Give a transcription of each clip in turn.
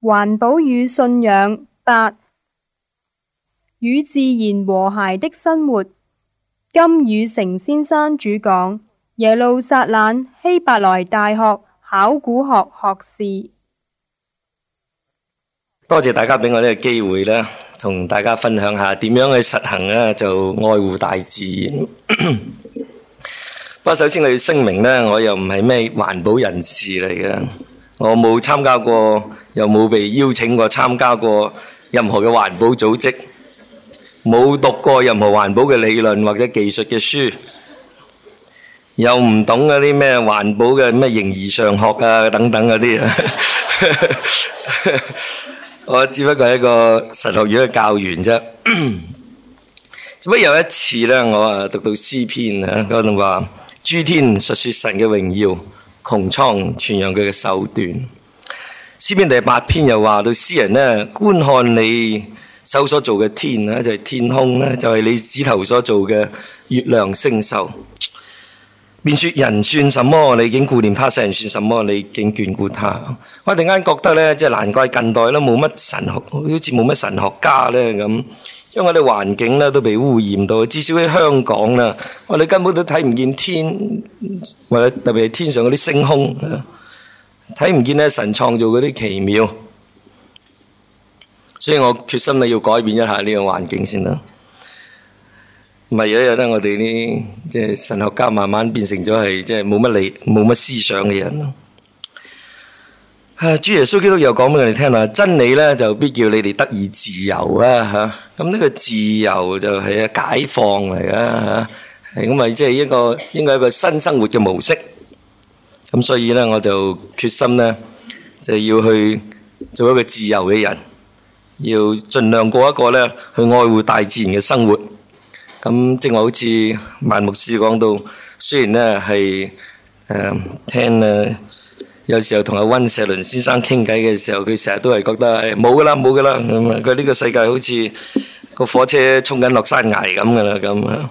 環保與信仰八與自然和諧的生活。甘汝誠先生主講，耶路撒冷希伯來大學考古學學士。多謝大家俾我呢個機會呢，同大家分享下點樣去實行呢，就愛護大自然。不過 首先我要聲明呢，我又唔係咩環保人士嚟嘅，我冇參加過。又冇被邀請過參加過任何嘅環保組織，冇讀過任何環保嘅理論或者技術嘅書，又唔懂嗰啲咩環保嘅咩形而上學啊等等嗰啲。 我只不過係一個神學院嘅教員啫。 只不過有一次呢，我啊讀到詩篇啊，嗰度話諸天述說神嘅榮耀，穹蒼傳揚佢嘅手段。詩篇第八篇又話到，詩人呢，觀看你手所做嘅天，就係天空啦，就係你指頭所做嘅月亮星宿。便說人算什麼，你已經顧念他，世人算什麼，你已經眷顧他。我突然間覺得咧，即係難怪近代咧冇乜神學，好似冇乜神學家咧咁，因為我哋環境咧都被污染到。至少喺香港啦，我哋根本都睇唔見天，或者特別係天上嗰啲星空。睇唔見咧，神創造嗰啲奇妙，所以我決心咧要改變一下呢個環境先啦。唔係有一日咧，我哋咧即係神學家慢慢變成咗係即係冇乜理、冇乜思想嘅人咯。啊，主耶穌基督又講俾我哋聽啦，真理咧就必叫你哋得以自由啊吓。咁呢個自由就係啊解放嚟噶吓，係咁咪即係一個應該係一個新生活嘅模式。咁所以咧，我就決心咧，就要去做一個自由嘅人，要盡量過一個咧去愛護大自然嘅生活。咁正話好似萬牧師講到，雖然咧係誒聽咧，有時候同阿溫錫倫先生傾偈嘅時候，佢成日都係覺得係冇噶啦，冇噶啦，佢呢個世界好似個火車衝緊落山崖咁噶啦，咁啊。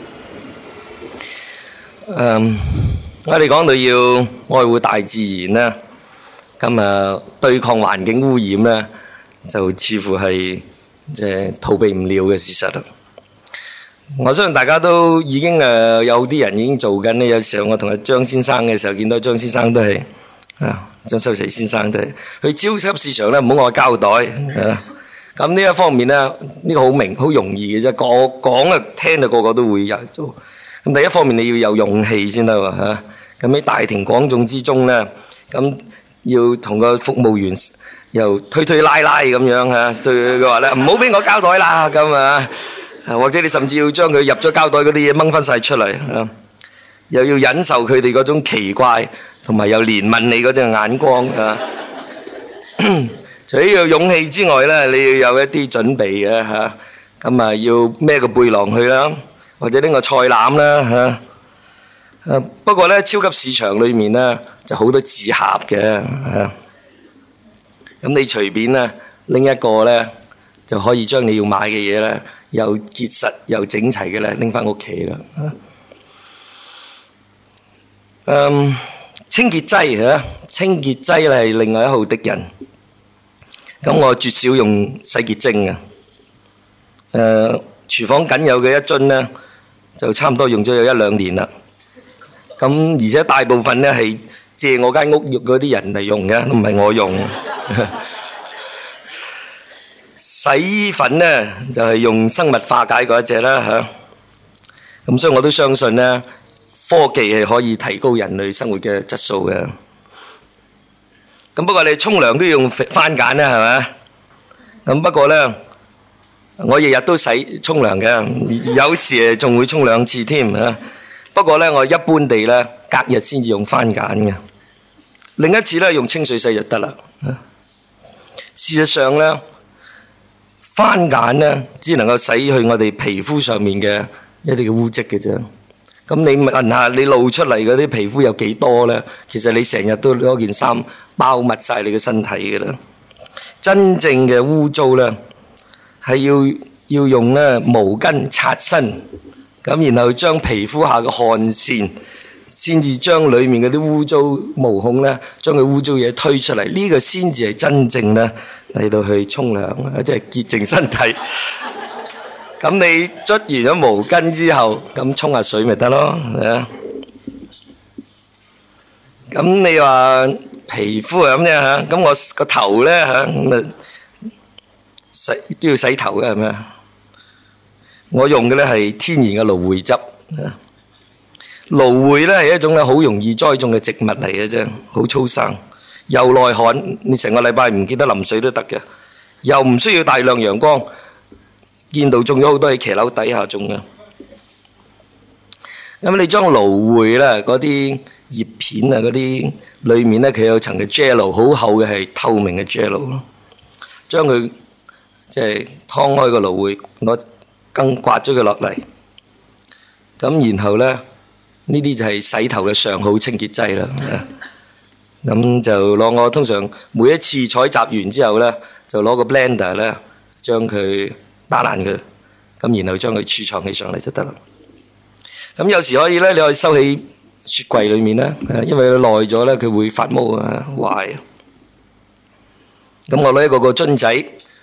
嗯，我哋講到要愛護大自然啦。咁啊對抗環境污染咧，就似乎係即係逃避唔了嘅事實啦。我相信大家都已經誒、啊、有啲人已經做緊呢，有時候我同阿張先生嘅時候見到張先生都係啊張修齊先生都係去超級市場咧，唔好膠袋咁呢、啊、一方面咧、呢、這個好明好容易嘅啫，講講啊聽啊個個都會有。做。咁第一方面你要有勇氣先得喎，嚇。咁喺大庭廣眾之中咧，咁要同個服務員又推推拉拉咁樣，嚇，對佢話咧，唔好俾我膠袋啦咁，啊，或者你甚至要將佢入咗膠袋嗰啲嘢掹翻曬出嚟，又要忍受佢哋嗰種奇怪同埋又憐憫你嗰隻眼光嚇。除咗有勇氣之外咧，你要有一啲準備嘅，嚇，咁啊要孭個背囊去啦。或者拎個菜籃啦，吓、啊，不過呢，超級市場裏面呢就好多紙盒嘅，咁、啊、你隨便咧拎一個呢就可以將你要買嘅嘢呢又結實又整齊嘅咧拎翻屋企啦。清潔劑吓，清潔劑係另外一號敵人，咁我絕少用洗潔精嘅，誒、啊，廚房僅有嘅一樽呢。就差唔多用咗有一兩年啦，咁而且大部分咧，係借我間屋用嗰啲人嚟用嘅，唔係我用。洗衣粉咧就係用生物化解嗰隻啦，吓。咁所以我都相信咧，科技係可以提高人類生活嘅質素嘅。咁不過你沖涼都要用番鹼啦，係咪？咁不過咧。我日日都洗沖涼嘅，有時誒仲會沖兩次添啊！不過呢，我一般地呢隔日先至用番梘嘅，另一次呢用清水洗就得啦。事實上呢，番梘呢只能夠洗去我哋皮膚上面嘅一啲嘅污漬嘅啫。咁你問下你露出嚟嗰啲皮膚有幾多呢？其實你成日都攞件衫包密晒你嘅身體嘅啦。真正嘅污糟呢～係要要用咧毛巾擦身，咁然後將皮膚下嘅汗腺，先至將裏面嗰啲污糟毛孔咧，將佢污糟嘢推出嚟。呢個先至係真正咧嚟到去沖涼，即係潔淨身體。咁你捽完咗毛巾之後，咁沖下水咪得咯，係啊？咁你話皮膚係咁樣吓，咁我個頭咧吓咁啊？洗都要洗頭嘅係咪啊？我用嘅呢係天然嘅蘆薈汁。蘆薈呢係一種咧好容易栽種嘅植物嚟嘅啫，好粗生，又耐旱，你成個禮拜唔記得淋水都得嘅，又唔需要大量陽光。見到種咗好多喺騎樓底下種嘅。咁你將蘆薈呢，嗰啲葉片啊，嗰啲裏面呢佢有層嘅 gel 好厚嘅，係透明嘅 gel 咯，將佢。即係劏開個蘆薈，我根刮咗佢落嚟，咁然後咧呢啲就係洗頭嘅上好清潔劑啦。咁就攞我通常每一次採集完之後咧，就攞個 blender 咧將佢打爛佢，咁然後將佢儲藏起上嚟就得啦。咁有時可以咧，你可以收起雪櫃裏面咧，因為佢耐咗咧佢會發毛啊壞。咁我攞一個個樽仔。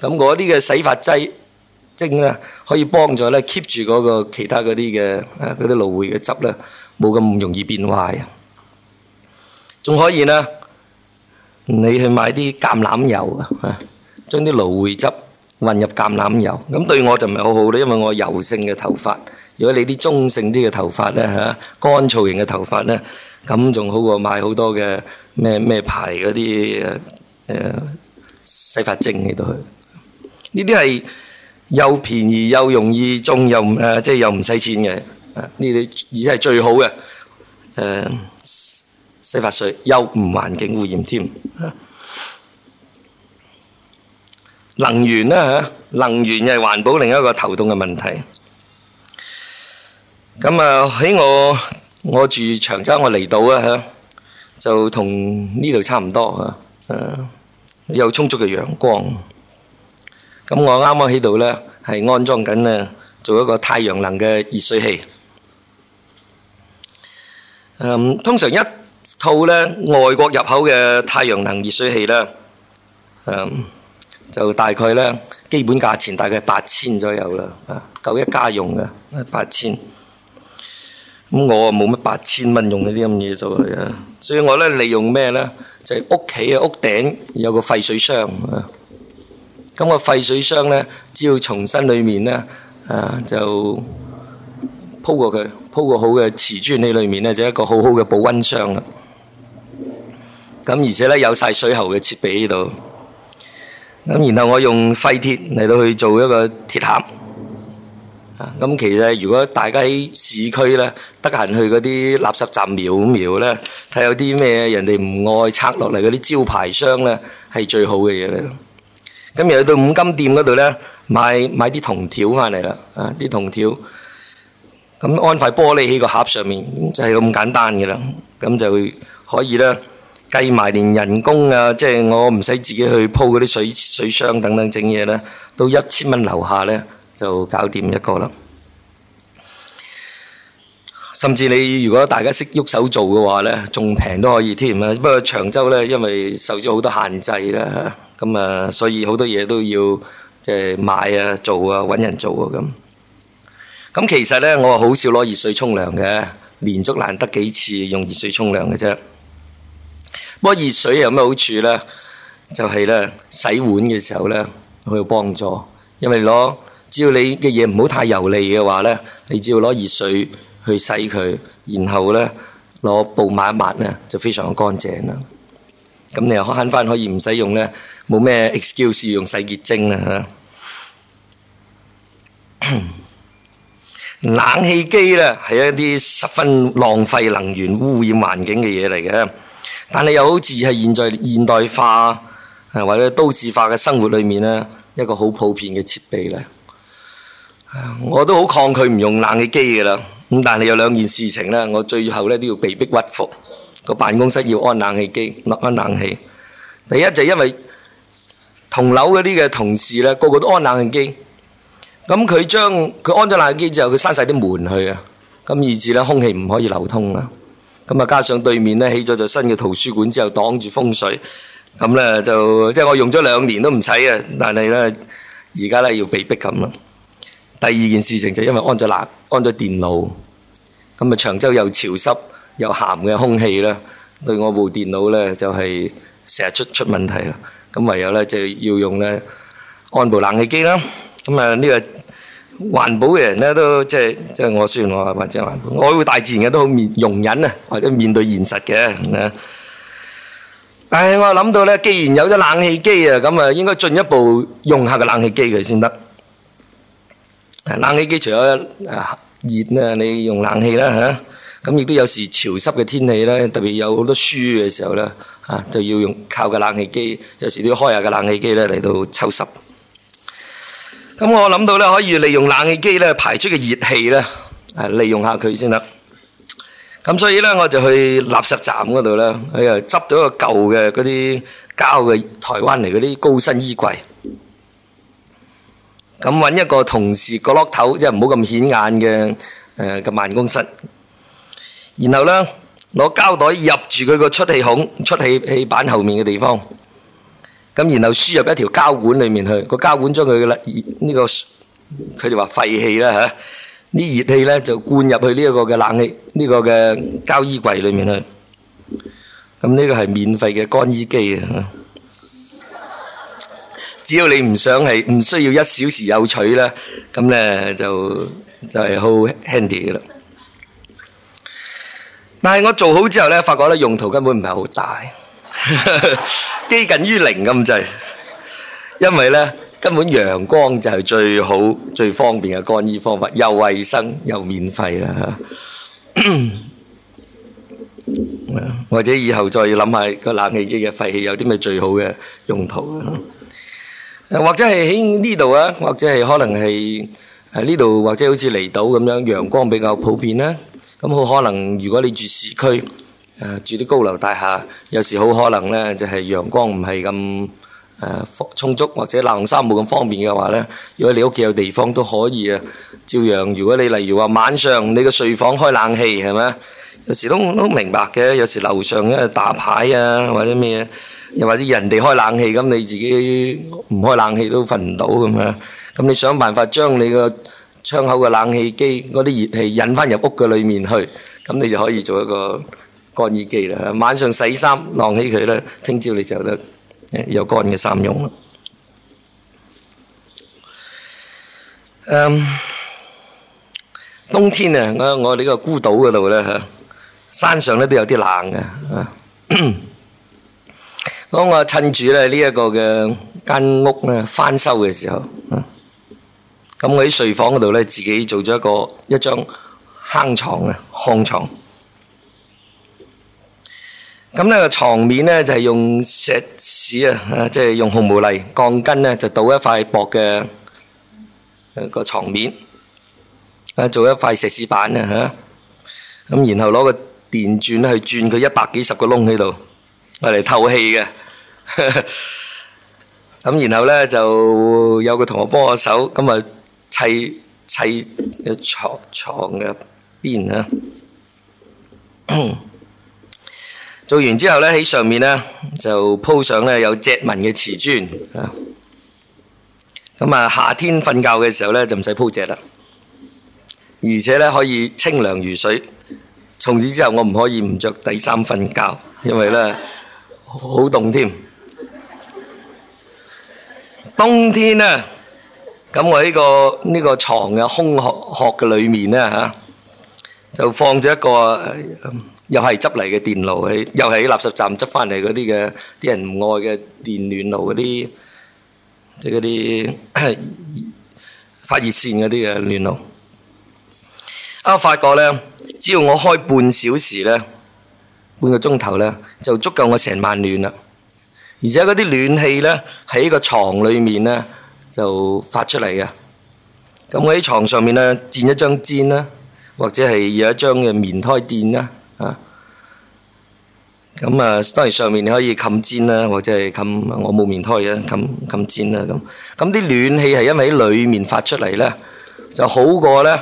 咁我啲嘅洗髮劑精咧，可以幫助咧 keep 住嗰個其他嗰啲嘅誒嗰啲蘆薈嘅汁咧，冇咁容易變壞啊！仲可以咧，你去買啲橄欖油啊，將啲蘆薈汁混入橄欖油，咁對我就唔係好好咧，因為我油性嘅頭髮。如果你啲中性啲嘅頭髮咧嚇、啊，乾燥型嘅頭髮咧，咁仲好過買好多嘅咩咩牌嗰啲誒洗髮精喺度去。呢啲係又便宜又容易種又唔誒，即係又唔使錢嘅，呢啲而係最好嘅。誒，洗髮水又唔環境污染添。能源咧吓，能源又係環保另一個頭痛嘅問題。咁啊，喺我我住長洲，我嚟到啊吓，就同呢度差唔多吓，誒，有充足嘅陽光。咁我啱啱喺度呢，係安裝緊呢，做一個太陽能嘅熱水器，嗯。通常一套呢，外國入口嘅太陽能熱水器呢，嗯，就大概呢，基本價錢大概八千左右啦，啊，夠一家用嘅，八千。咁我啊冇乜八千蚊用嗰啲咁嘢做嘅，所以我呢，利用咩呢？就係、是、屋企嘅屋頂有個廢水箱咁個廢水箱咧，只要重新裏面咧，啊就鋪過佢，鋪過好嘅瓷磚喺裏面咧，就一個好好嘅保溫箱啦。咁而且咧有晒水喉嘅設備喺度。咁然後我用廢鐵嚟到去做一個鐵盒。啊，咁其實如果大家喺市區咧，得閒去嗰啲垃圾站瞄咁瞄咧，睇有啲咩人哋唔愛拆落嚟嗰啲招牌箱咧，係最好嘅嘢嚟。今日去到五金店嗰度呢，買買啲銅條翻嚟啦，啊啲銅條，咁安塊玻璃喺個盒上面，就係咁簡單嘅啦。咁就可以呢計埋連人工啊，即係我唔使自己去鋪嗰啲水水箱等等整嘢呢，都一千蚊樓下呢，就搞掂一個啦。甚至你如果大家識喐手做嘅話呢，仲平都可以添啦。不過長洲呢，因為受咗好多限制啦，咁啊，所以好多嘢都要即係、就是、買啊、做啊、搵人做啊咁。咁其實呢，我好少攞熱水沖涼嘅，連續難得幾次用熱水沖涼嘅啫。不過熱水有咩好處呢？就係、是、呢，洗碗嘅時候呢，會有幫助，因為攞只要你嘅嘢唔好太油膩嘅話呢，你只要攞熱水。去洗佢，然後呢，攞布抹一抹呢，就非常乾淨啦。咁你又慳翻，可以唔使用呢？冇咩 excuse 用洗潔精啦 冷氣機呢，係一啲十分浪費能源、污染環境嘅嘢嚟嘅。但係又好似係現在現代化或者都市化嘅生活裏面呢，一個好普遍嘅設備呢。我都好抗拒唔用冷氣機嘅啦。咁但係有兩件事情咧，我最後咧都要被逼屈服。個辦公室要安冷氣機，安冷氣。第一就係因為同樓嗰啲嘅同事咧，個個都安冷氣機。咁佢將佢安咗冷氣機之後，佢閂晒啲門去啊，咁以致咧空氣唔可以流通啊。咁啊，加上對面咧起咗就新嘅圖書館之後，擋住風水，咁咧就即係我用咗兩年都唔使啊，但係咧而家咧要被逼咁啦。第二件事情就因為安咗冷安咗電腦，咁啊長洲又潮濕又鹹嘅空氣咧，對我部電腦咧就係成日出出問題啦。咁唯有咧就要用咧安部冷氣機啦。咁啊呢個環保嘅人咧都即係即係我雖然我係唔係真係環保，愛護大自然嘅都好面容忍啊或者面對現實嘅。唉，我諗到咧，既然有咗冷氣機啊，咁啊應該進一步用下個冷氣機佢先得。冷氣機除咗啊熱啦，你用冷氣啦吓，咁亦都有時潮濕嘅天氣啦，特別有好多書嘅時候啦，啊就要用靠個冷氣機，有時都要開下個冷氣機咧嚟到抽濕。咁我諗到咧，可以利用冷氣機咧排出嘅熱氣咧，啊利用下佢先得。咁所以咧，我就去垃圾站嗰度咧，佢又執到一個舊嘅嗰啲膠嘅台灣嚟嗰啲高身衣櫃。咁揾一個同事角落頭，即係唔好咁顯眼嘅誒嘅辦公室。然後呢攞膠袋入住佢個出氣孔，出氣氣板後面嘅地方。咁然後輸入一條膠管裏面去，個膠管將佢嘅啦呢個，佢哋話廢氣啦吓，呢熱氣呢就灌入去呢一個嘅冷氣呢個嘅膠衣櫃裏面去。咁呢個係免費嘅乾衣機啊！只要你唔想係唔需要一小時有取啦，咁呢就就係好 handy 嘅啦。但係我做好之後呢，發覺呢用途根本唔係好大，幾近於零咁滯。因為呢根本陽光就係最好、最方便嘅乾衣方法，又衛生又免費啦。或者以後再諗下個冷氣機嘅廢氣有啲咩最好嘅用途啊！或者係喺呢度啊，或者係可能係喺呢度，或者好似離島咁樣，陽光比較普遍啦。咁好可能，如果你住市區，誒、啊、住啲高樓大廈，有時好可能咧，就係、是、陽光唔係咁誒充足，或者晾衫冇咁方便嘅話咧。如果你屋企有地方都可以啊，照樣。如果你例如話晚上你個睡房開冷氣係咪？有時都都明白嘅，有時樓上因打牌啊或者咩。又或者人哋開冷氣，咁你自己唔開冷氣都瞓唔到咁樣。咁你想辦法將你個窗口嘅冷氣機嗰啲熱氣引翻入屋嘅裏面去，咁你就可以做一個乾衣機啦。晚上洗衫晾起佢咧，聽朝你就得有乾嘅衫用啦。嗯，冬天啊，我我呢個孤島嗰度咧，吓，山上咧都有啲冷嘅啊。當我趁住呢一個嘅間屋咧翻修嘅時候，咁我喺睡房嗰度咧自己做咗一個一張坑床嘅炕床。咁呢個床面咧就係用石屎啊，即係用紅毛泥鋼筋咧就倒一塊薄嘅個床面，啊做一塊石屎板啊吓。咁然後攞個電鑽去鑽佢一百幾十個窿喺度，嚟透氣嘅。咁 然後呢，就有個同學幫我手，咁啊砌砌一床床嘅邊啊。 做完之後呢，喺上面呢，就鋪上呢有蓆紋嘅瓷磚啊。咁啊夏天瞓覺嘅時候呢，就唔使鋪蓆啦，而且呢，可以清涼如水。從此之後我唔可以唔着底衫瞓覺，因為呢，好凍添。冬天咧，咁我呢個呢個床嘅空殼殼嘅裏面咧嚇，就放咗一個又係執嚟嘅電爐，又係啲垃圾站執翻嚟嗰啲嘅，啲人唔愛嘅電暖爐嗰啲，即係嗰啲發熱線嗰啲嘅暖爐。啊，我發覺咧，只要我開半小時咧，半個鐘頭咧，就足夠我成晚暖啦。而且嗰啲暖氣咧喺個床裏面咧就發出嚟嘅，咁我喺床上面咧墊一張氈啦、啊，或者係有一張嘅棉胎墊啦、啊，啊，咁啊，當然上面你可以冚氈啦、啊，或者係冚我冇棉胎嘅、啊，冚冚氈啦、啊、咁，咁啲暖氣係因為喺裏面發出嚟咧，就好過咧，誒、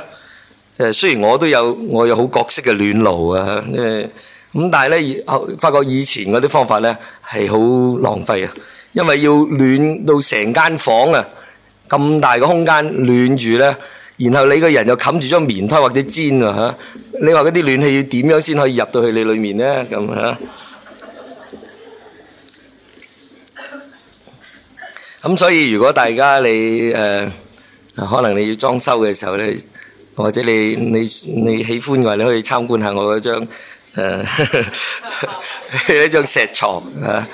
就是，雖然我都有我有好各式嘅暖爐啊，因為。咁但係咧，以後發覺以前嗰啲方法咧係好浪費啊！因為要暖到成間房啊，咁大嘅空間暖住咧，然後你個人又冚住張棉胎或者氈啊嚇！你話嗰啲暖氣要點樣先可以入到去你裏面咧？咁、啊、嚇。咁所以如果大家你誒、呃、可能你要裝修嘅時候咧，或者你你你喜歡嘅話，你可以參觀下我嗰張。誒，一張石床啊，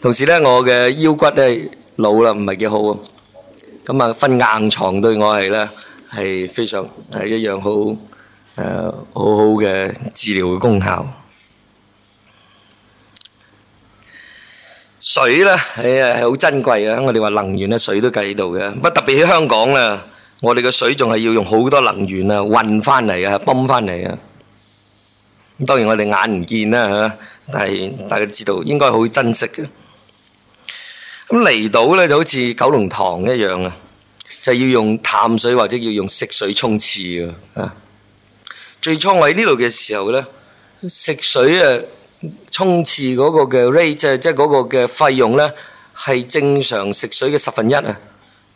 同時咧，我嘅腰骨咧老啦，唔係幾好啊。咁啊，瞓硬床對我係咧係非常係一樣好誒，好好嘅治療嘅功效。水咧，哎呀，係好珍貴啊！我哋話能源咧，水都計到嘅。不過特別喺香港咧，我哋嘅水仲係要用好多能源啊，運翻嚟啊，泵翻嚟啊。當然我哋眼唔見啦吓，但係大家都知道應該好珍惜嘅。咁嚟到咧就好似九龍塘一樣啊，就要用淡水或者要用食水沖廁啊。最初我喺呢度嘅時候咧，食水啊沖廁，嗰個嘅 rate 即係個嘅費用咧係正常食水嘅十分一啊，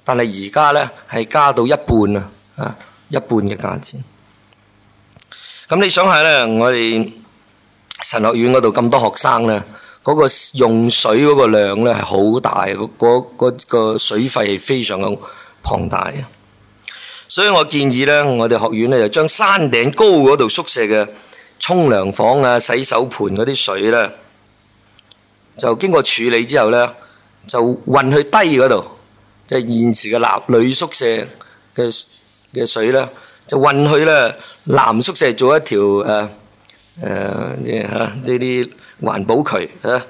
但係而家咧係加到一半啊啊，一半嘅價錢。咁你想下咧，我哋神學院嗰度咁多學生咧，嗰個用水嗰個量咧係好大，個個個個水費係非常咁龐大啊！所以我建議咧，我哋學院咧就將山頂高嗰度宿舍嘅沖涼房啊、洗手盆嗰啲水咧，就經過處理之後咧，就運去低嗰度，即係現時嘅男女宿舍嘅嘅水咧。就運去咧南宿舍做一條誒誒即係嚇呢啲環保渠嚇，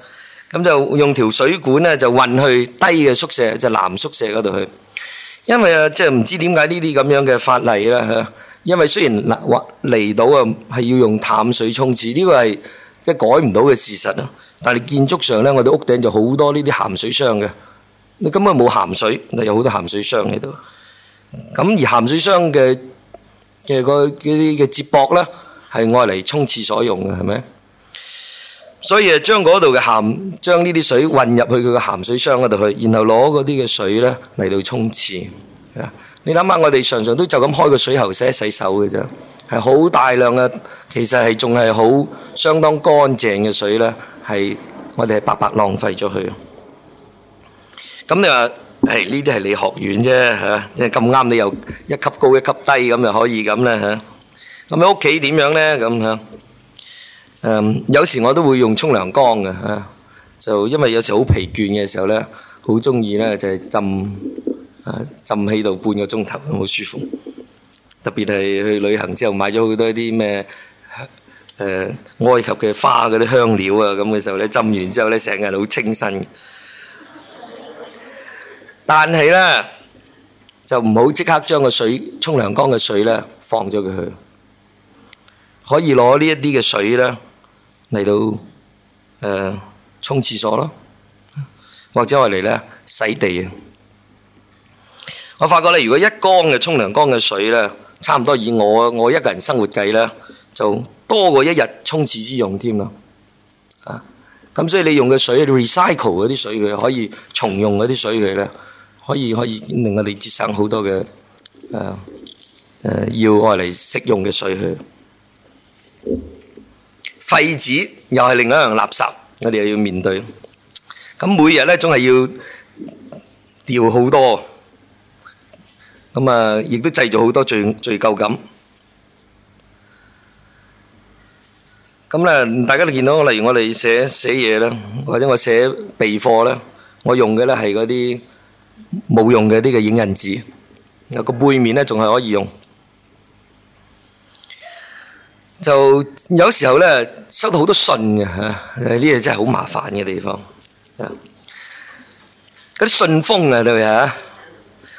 咁就用條水管咧就運去低嘅宿舍，就南宿舍嗰度去。因為啊，即係唔知點解呢啲咁樣嘅法例啦嚇。因為雖然嚟到啊係要用淡水沖廁，呢個係即係改唔到嘅事實咯。但係建築上咧，我哋屋頂就好多呢啲鹹水箱嘅，你根本冇鹹水，你有好多鹹水箱喺度。咁而鹹水箱嘅。即係嗰啲嘅接駁咧，係愛嚟沖廁所用嘅，係咪？所以啊，將嗰度嘅鹹，將呢啲水混入去佢嘅鹹水箱嗰度去，然後攞嗰啲嘅水咧嚟到沖廁。啊，你諗下，我哋常常都就咁開個水喉洗一洗手嘅啫，係好大量嘅，其實係仲係好相當乾淨嘅水咧，係我哋係白白浪費咗佢。咁你話？誒，呢啲係你學院啫，吓，即係咁啱你又一級高一級低咁就可以咁啦，吓。咁喺屋企點樣咧？咁樣誒，有時我都會用沖涼缸嘅，吓，就因為有時好疲倦嘅時候咧，好中意咧就係浸啊，浸喺度半個鐘頭，好舒服。特別係去旅行之後買咗好多啲咩誒埃及嘅花嗰啲香料啊，咁嘅時候咧，浸完之後咧成日好清新。但係咧，就唔好即刻將個水沖涼缸嘅水咧放咗佢去，可以攞呢一啲嘅水咧嚟到誒沖廁所咯，或者我嚟咧洗地啊！我發覺咧，如果一缸嘅沖涼缸嘅水咧，差唔多以我我一個人生活計咧，就多過一日沖廁之用添啦啊！咁所以你用嘅水 recycle 嗰啲水佢可以重用嗰啲水佢咧。可以可以令我哋節省好多嘅，誒誒，要我嚟適用嘅水去，廢紙又係另一樣垃圾，我哋又要面對。咁每日咧，總係要掉好多，咁啊，亦都製造好多罪罪疚感。咁咧，大家都見到，例如我哋寫寫嘢咧，或者我寫備課咧，我用嘅咧係嗰啲。冇用嘅呢個影印紙，有個背面咧仲係可以用。就有時候咧收到好多信嘅，吓，呢啲真係好麻煩嘅地方。嗰啲信封啊，對唔起啊！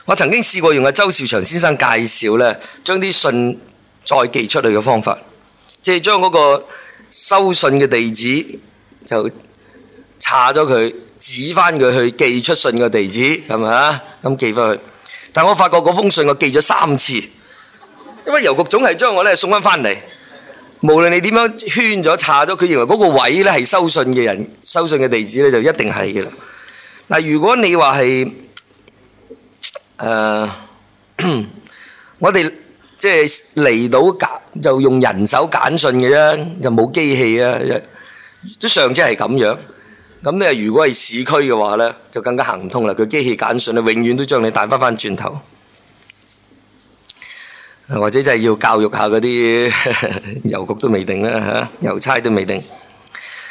我曾經試過用阿周兆祥先生介紹咧，將啲信再寄出去嘅方法，即係將嗰個收信嘅地址就查咗佢。指翻佢去寄出信嘅地址，係咪啊？咁寄翻去，但我發覺嗰封信我寄咗三次，因為郵局總係將我咧送翻翻嚟，無論你點樣圈咗、叉咗，佢認為嗰個位咧係收信嘅人、收信嘅地址咧就一定係嘅啦。嗱，如果你話係誒，我哋即係嚟到揀就用人手揀信嘅啫，就冇機器啊，即上次係咁樣。咁你如果係市區嘅話咧，就更加行唔通啦。佢機器簡訊咧，永遠都將你帶翻翻轉頭，或者就係要教育下嗰啲郵局都未定啦吓，郵差都未定。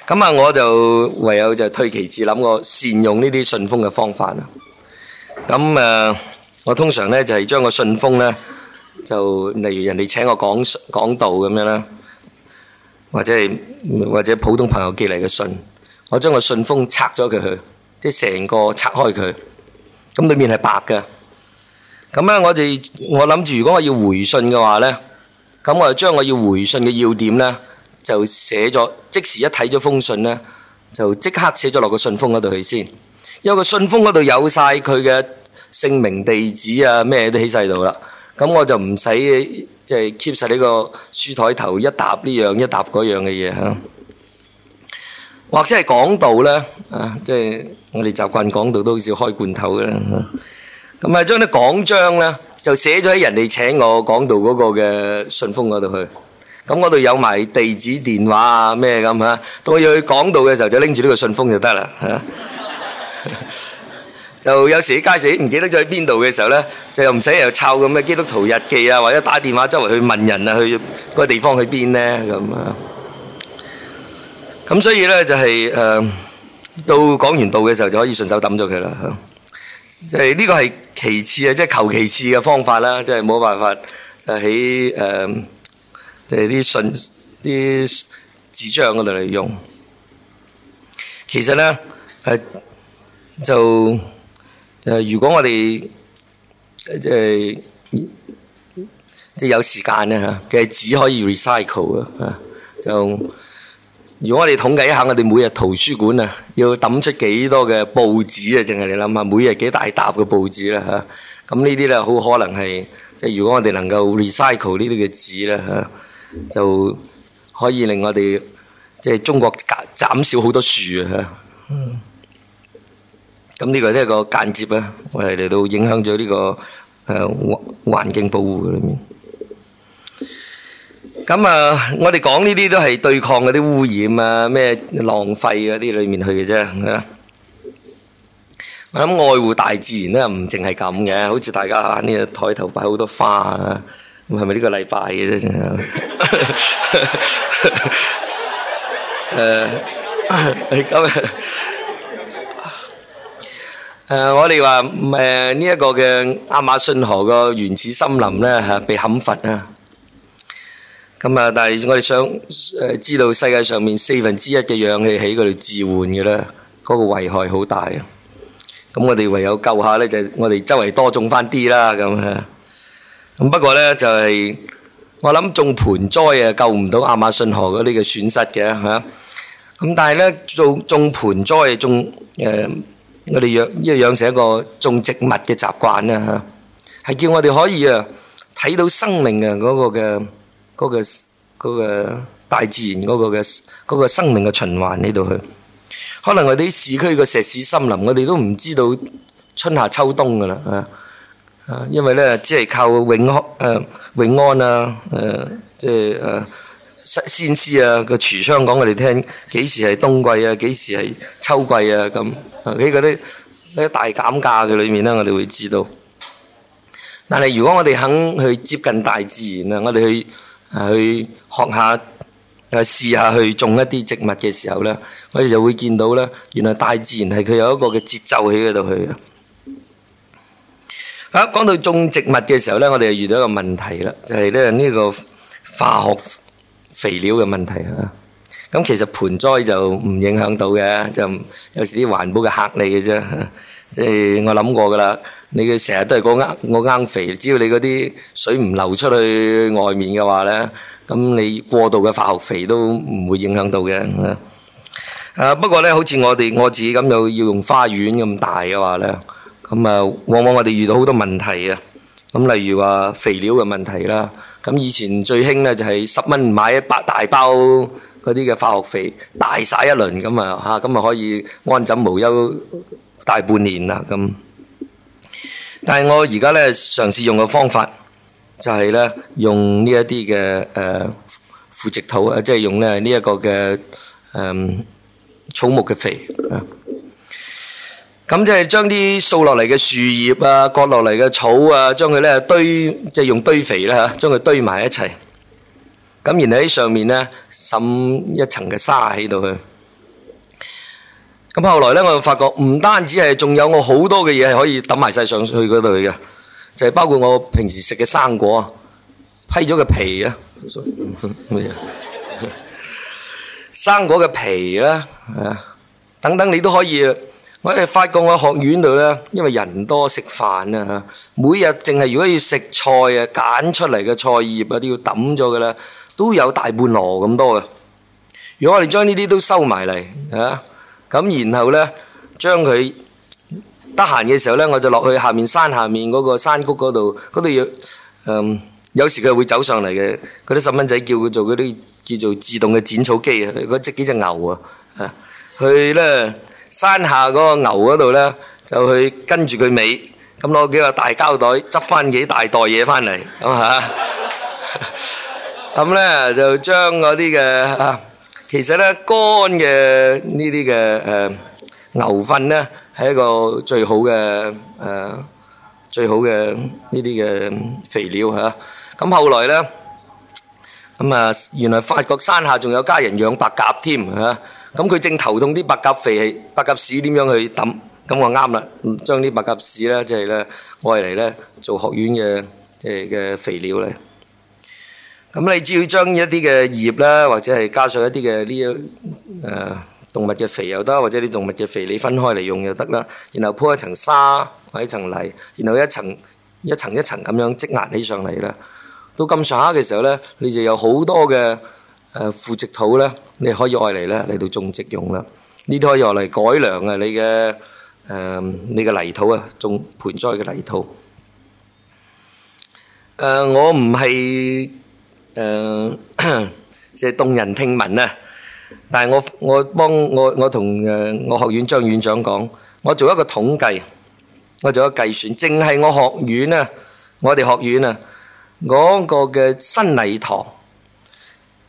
咁啊，我就唯有就推其自諗，我善用呢啲信封嘅方法啦。咁誒，我通常咧就係將個信封咧，就例如人哋請我講講道咁樣啦，或者係或者普通朋友寄嚟嘅信。我將個信封拆咗佢去，即係成個拆開佢，咁裏面係白嘅。咁啊，我哋我諗住如果我要回信嘅話咧，咁我就將我要回信嘅要點咧，就寫咗，即時一睇咗封信咧，就即刻寫咗落個信封嗰度去先，因為個信封嗰度有晒佢嘅姓名、地址啊，咩都起晒度啦。咁我就唔使即係 keep 晒呢個書台頭一沓呢樣一沓嗰樣嘅嘢。或者係講道咧，啊，即係我哋習慣講道都好似開罐頭嘅啦。咁啊，將啲講章咧就寫咗喺人哋請我講道嗰個嘅信封嗰度去。咁嗰度有埋地址、電話啊咩咁吓。到我要去講道嘅時候就拎住呢個信封就得啦。就有時喺街唔記得咗喺邊度嘅時候咧，就又唔使又抄咁嘅基督徒日記啊，或者打電話周圍去問人啊，去個地方去邊咧咁啊。咁所以咧就係、是、誒、呃、到講完道嘅時候就可以順手抌咗佢啦，即係呢個係其次啊，即、就、係、是、求其次嘅方法啦，即係冇辦法就喺誒即係啲信啲紙張嗰度嚟用。其實咧誒、啊、就誒、啊、如果我哋即係即係有時間咧吓，佢、啊、係只可以 recycle 嘅、啊、吓就。如果我哋統計一下，我哋每日圖書館啊，要抌出幾多嘅報紙啊？淨係你諗下，每日幾大沓嘅報紙啦嚇。咁呢啲咧，好可能係即係如果我哋能夠 recycle 呢啲嘅紙咧嚇、啊，就可以令我哋即係中國減少好多樹啊嚇。咁呢個都係個間接啊，我哋嚟到影響咗呢、呢個誒環、啊、環境保護裡面。咁啊！我哋講呢啲都係對抗嗰啲污染啊、咩浪費嗰啲裏面去嘅啫。我諗愛護大自然咧，唔淨係咁嘅。好似大家吓呢個台頭擺好多花啊，咁係咪呢個禮拜嘅啫？誒，你咁誒，我哋話誒呢一個嘅亞馬遜河個原始森林咧吓被砍伐啊！咁啊！但係我哋想誒知道世界上面四分之一嘅氧氣喺嗰度置換嘅咧，嗰個危害好大啊！咁我哋唯有救下咧，就係我哋周圍多種翻啲啦。咁啊，咁不過咧就係我諗種盆栽啊，救唔到亞馬遜河嗰啲嘅損失嘅係嘛。咁但係咧，種種盆栽種誒，我哋養要養成一個種植物嘅習慣啊吓，係叫我哋可以啊睇到生命啊嗰個嘅。嗰、嗰個嗰個大自然嗰、嗰個嘅嗰、嗰個、生命嘅循環呢度去，可能我哋啲市區嘅石屎森林，我哋都唔知道春夏秋冬噶啦啊啊！因為咧，只係靠永康誒永安啊誒、啊，即係誒先師啊，啊、嗰個櫥窗講我哋聽幾時係冬季啊，幾時係秋季啊咁，喺嗰啲啲大減價嘅裏面咧，我哋會知道。但係如果我哋肯去接近大自然啊，我哋去。去學下，誒試下去種一啲植物嘅時候呢，我哋就會見到呢，原來大自然係佢有一個嘅節奏喺嗰度去嘅。好，講到種植物嘅時候呢，我哋就遇到一個問題啦，就係呢呢個化學肥料嘅問題吓。咁其實盆栽就唔影響到嘅，就有時啲環保嘅客嚟嘅啫，即係我諗過噶啦。你嘅成日都係講啱我啱肥，只要你嗰啲水唔流出去外面嘅話咧，咁你過度嘅化學肥都唔會影響到嘅。啊，不過咧，好似我哋我自己咁又要用花園咁大嘅話咧，咁啊，往往我哋遇到好多問題啊。咁例如話肥料嘅問題啦，咁以前最興咧就係十蚊買一百大包嗰啲嘅化學肥，大曬一輪咁啊，吓，咁啊可以安枕無憂大半年啦咁。但係我而家咧，嘗試用嘅方法就係咧，用呢一啲嘅誒腐殖土啊，即係用咧呢一個嘅誒草木嘅肥啊。咁即係將啲掃落嚟嘅樹葉啊、割落嚟嘅草啊，將佢咧堆，即係用堆肥啦嚇，將佢堆埋一齊。咁然後喺上面咧，滲一層嘅沙喺度去。咁後來咧，我就發覺唔單止係，仲有我好多嘅嘢係可以揼埋晒上去嗰度嘅，就係、是、包括我平時食嘅生果批咗嘅皮啊，生 果嘅皮啦，等等你都可以。我哋發覺我學院度咧，因為人多食飯啊，每日淨係如果要食菜啊，揀出嚟嘅菜葉啊都要揼咗嘅啦，都有大半籮咁多嘅。如果我哋將呢啲都收埋嚟啊！咁然後咧，將佢得閒嘅時候咧，我就落去下面山下面嗰個山谷嗰度，嗰度有，嗯，有時佢會走上嚟嘅，嗰啲細蚊仔叫佢做嗰啲叫做自動嘅剪草機啊，嗰隻幾隻牛啊，啊，佢咧山下嗰個牛嗰度咧，就去跟住佢尾，咁攞幾個大膠袋，執翻幾大袋嘢翻嚟，咁嚇，咁咧就將嗰啲嘅。其實咧，乾嘅呢啲嘅誒牛糞咧，係一個最好嘅誒最好嘅呢啲嘅肥料嚇。咁後來咧，咁啊原來法國山下仲有家人養白鴿添嚇。咁佢正頭痛啲白鴿肥係，白鴿屎點樣去抌？咁我啱啦，將啲白鴿屎咧，即係咧愛嚟咧做學院嘅即係嘅肥料咧。咁、嗯、你只要將一啲嘅葉啦，或者係加上一啲嘅呢一誒動物嘅肥又得，或者啲動物嘅肥你分開嚟用又得啦。然後鋪一層沙或者層泥，然後一層一層一層咁樣積壓起上嚟啦。到咁上下嘅時候咧，你就有好多嘅誒、呃、腐殖土咧，你可以用嚟咧嚟到種植用啦。呢啲可以用嚟改良啊你嘅誒、呃、你嘅泥土啊，種盆栽嘅泥土。誒、呃，我唔係。誒，即係、 就是、動人聽聞啊！但係我我幫我我同誒我學院張院長講，我做一個統計，我做一個計算，淨係我學院啊，我哋學院啊，嗰、那個嘅新禮堂。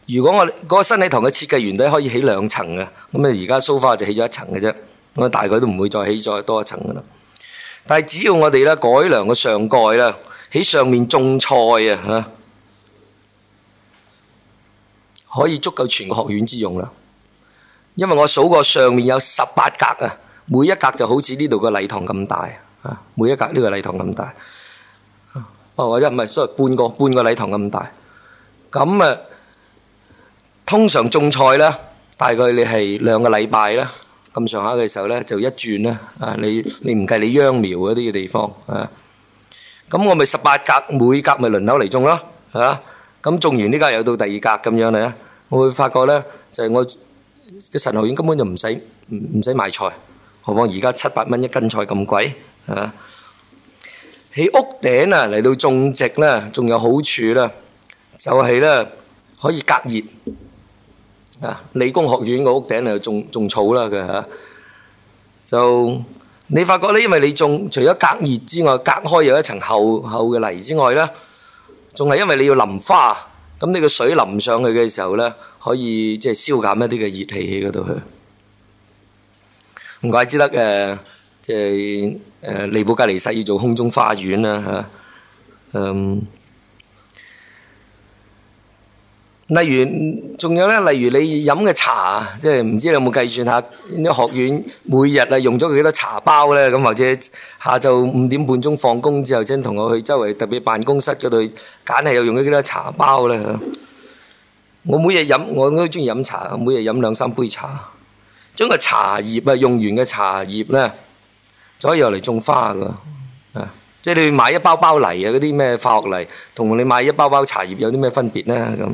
如果我嗰、那個新禮堂嘅設計原理可以起兩層嘅，咁啊、so、而家蘇花就起咗一層嘅啫，我大概都唔會再起再多一層噶啦。但係只要我哋咧改良個上蓋啦，喺上面種菜啊，吓！可以足夠全個學院之用啦，因為我數過上面有十八格啊，每一格就好似呢度嘅禮堂咁大啊，每一格呢個禮堂咁大，哦，或者唔係，所以半個半個禮堂咁大。咁啊，通常種菜呢，大概你係兩個禮拜啦咁上下嘅時候呢，就一轉啦啊，你你唔計你秧苗嗰啲嘅地方啊，咁我咪十八格，每格咪輪流嚟種咯，係嘛？咁種完呢家又到第二格咁樣咧，我會發覺咧就係我嘅神學院根本就唔使唔唔使買菜，何況而家七八蚊一斤菜咁貴嚇。喺屋頂啊嚟到種植咧，仲有好處啦，就係咧可以隔熱啊。理工學院個屋頂嚟到種種草啦，佢嚇就你發覺咧，因為你種除咗隔熱之外，隔開有一層厚厚嘅泥之外咧。仲係因為你要淋花，咁你個水淋上去嘅時候咧，可以即係消減一啲嘅熱氣喺嗰度去。唔怪之得誒，即係誒尼布甲尼撒要做空中花園啦嚇、啊，嗯。例如，仲有咧，例如你飲嘅茶，即係唔知你有冇計算下啲學院每日啊用咗幾多茶包咧？咁或者下晝五點半鐘放工之後，先同我去周圍特別辦公室嗰度，揀係又用咗幾多茶包咧？我每日飲，我都中意飲茶，每日飲兩三杯茶，將個茶葉啊，用完嘅茶葉咧，就可以用嚟種花噶。即係你買一包包泥啊，嗰啲咩化學泥，同你買一包包茶葉有啲咩分別咧？咁。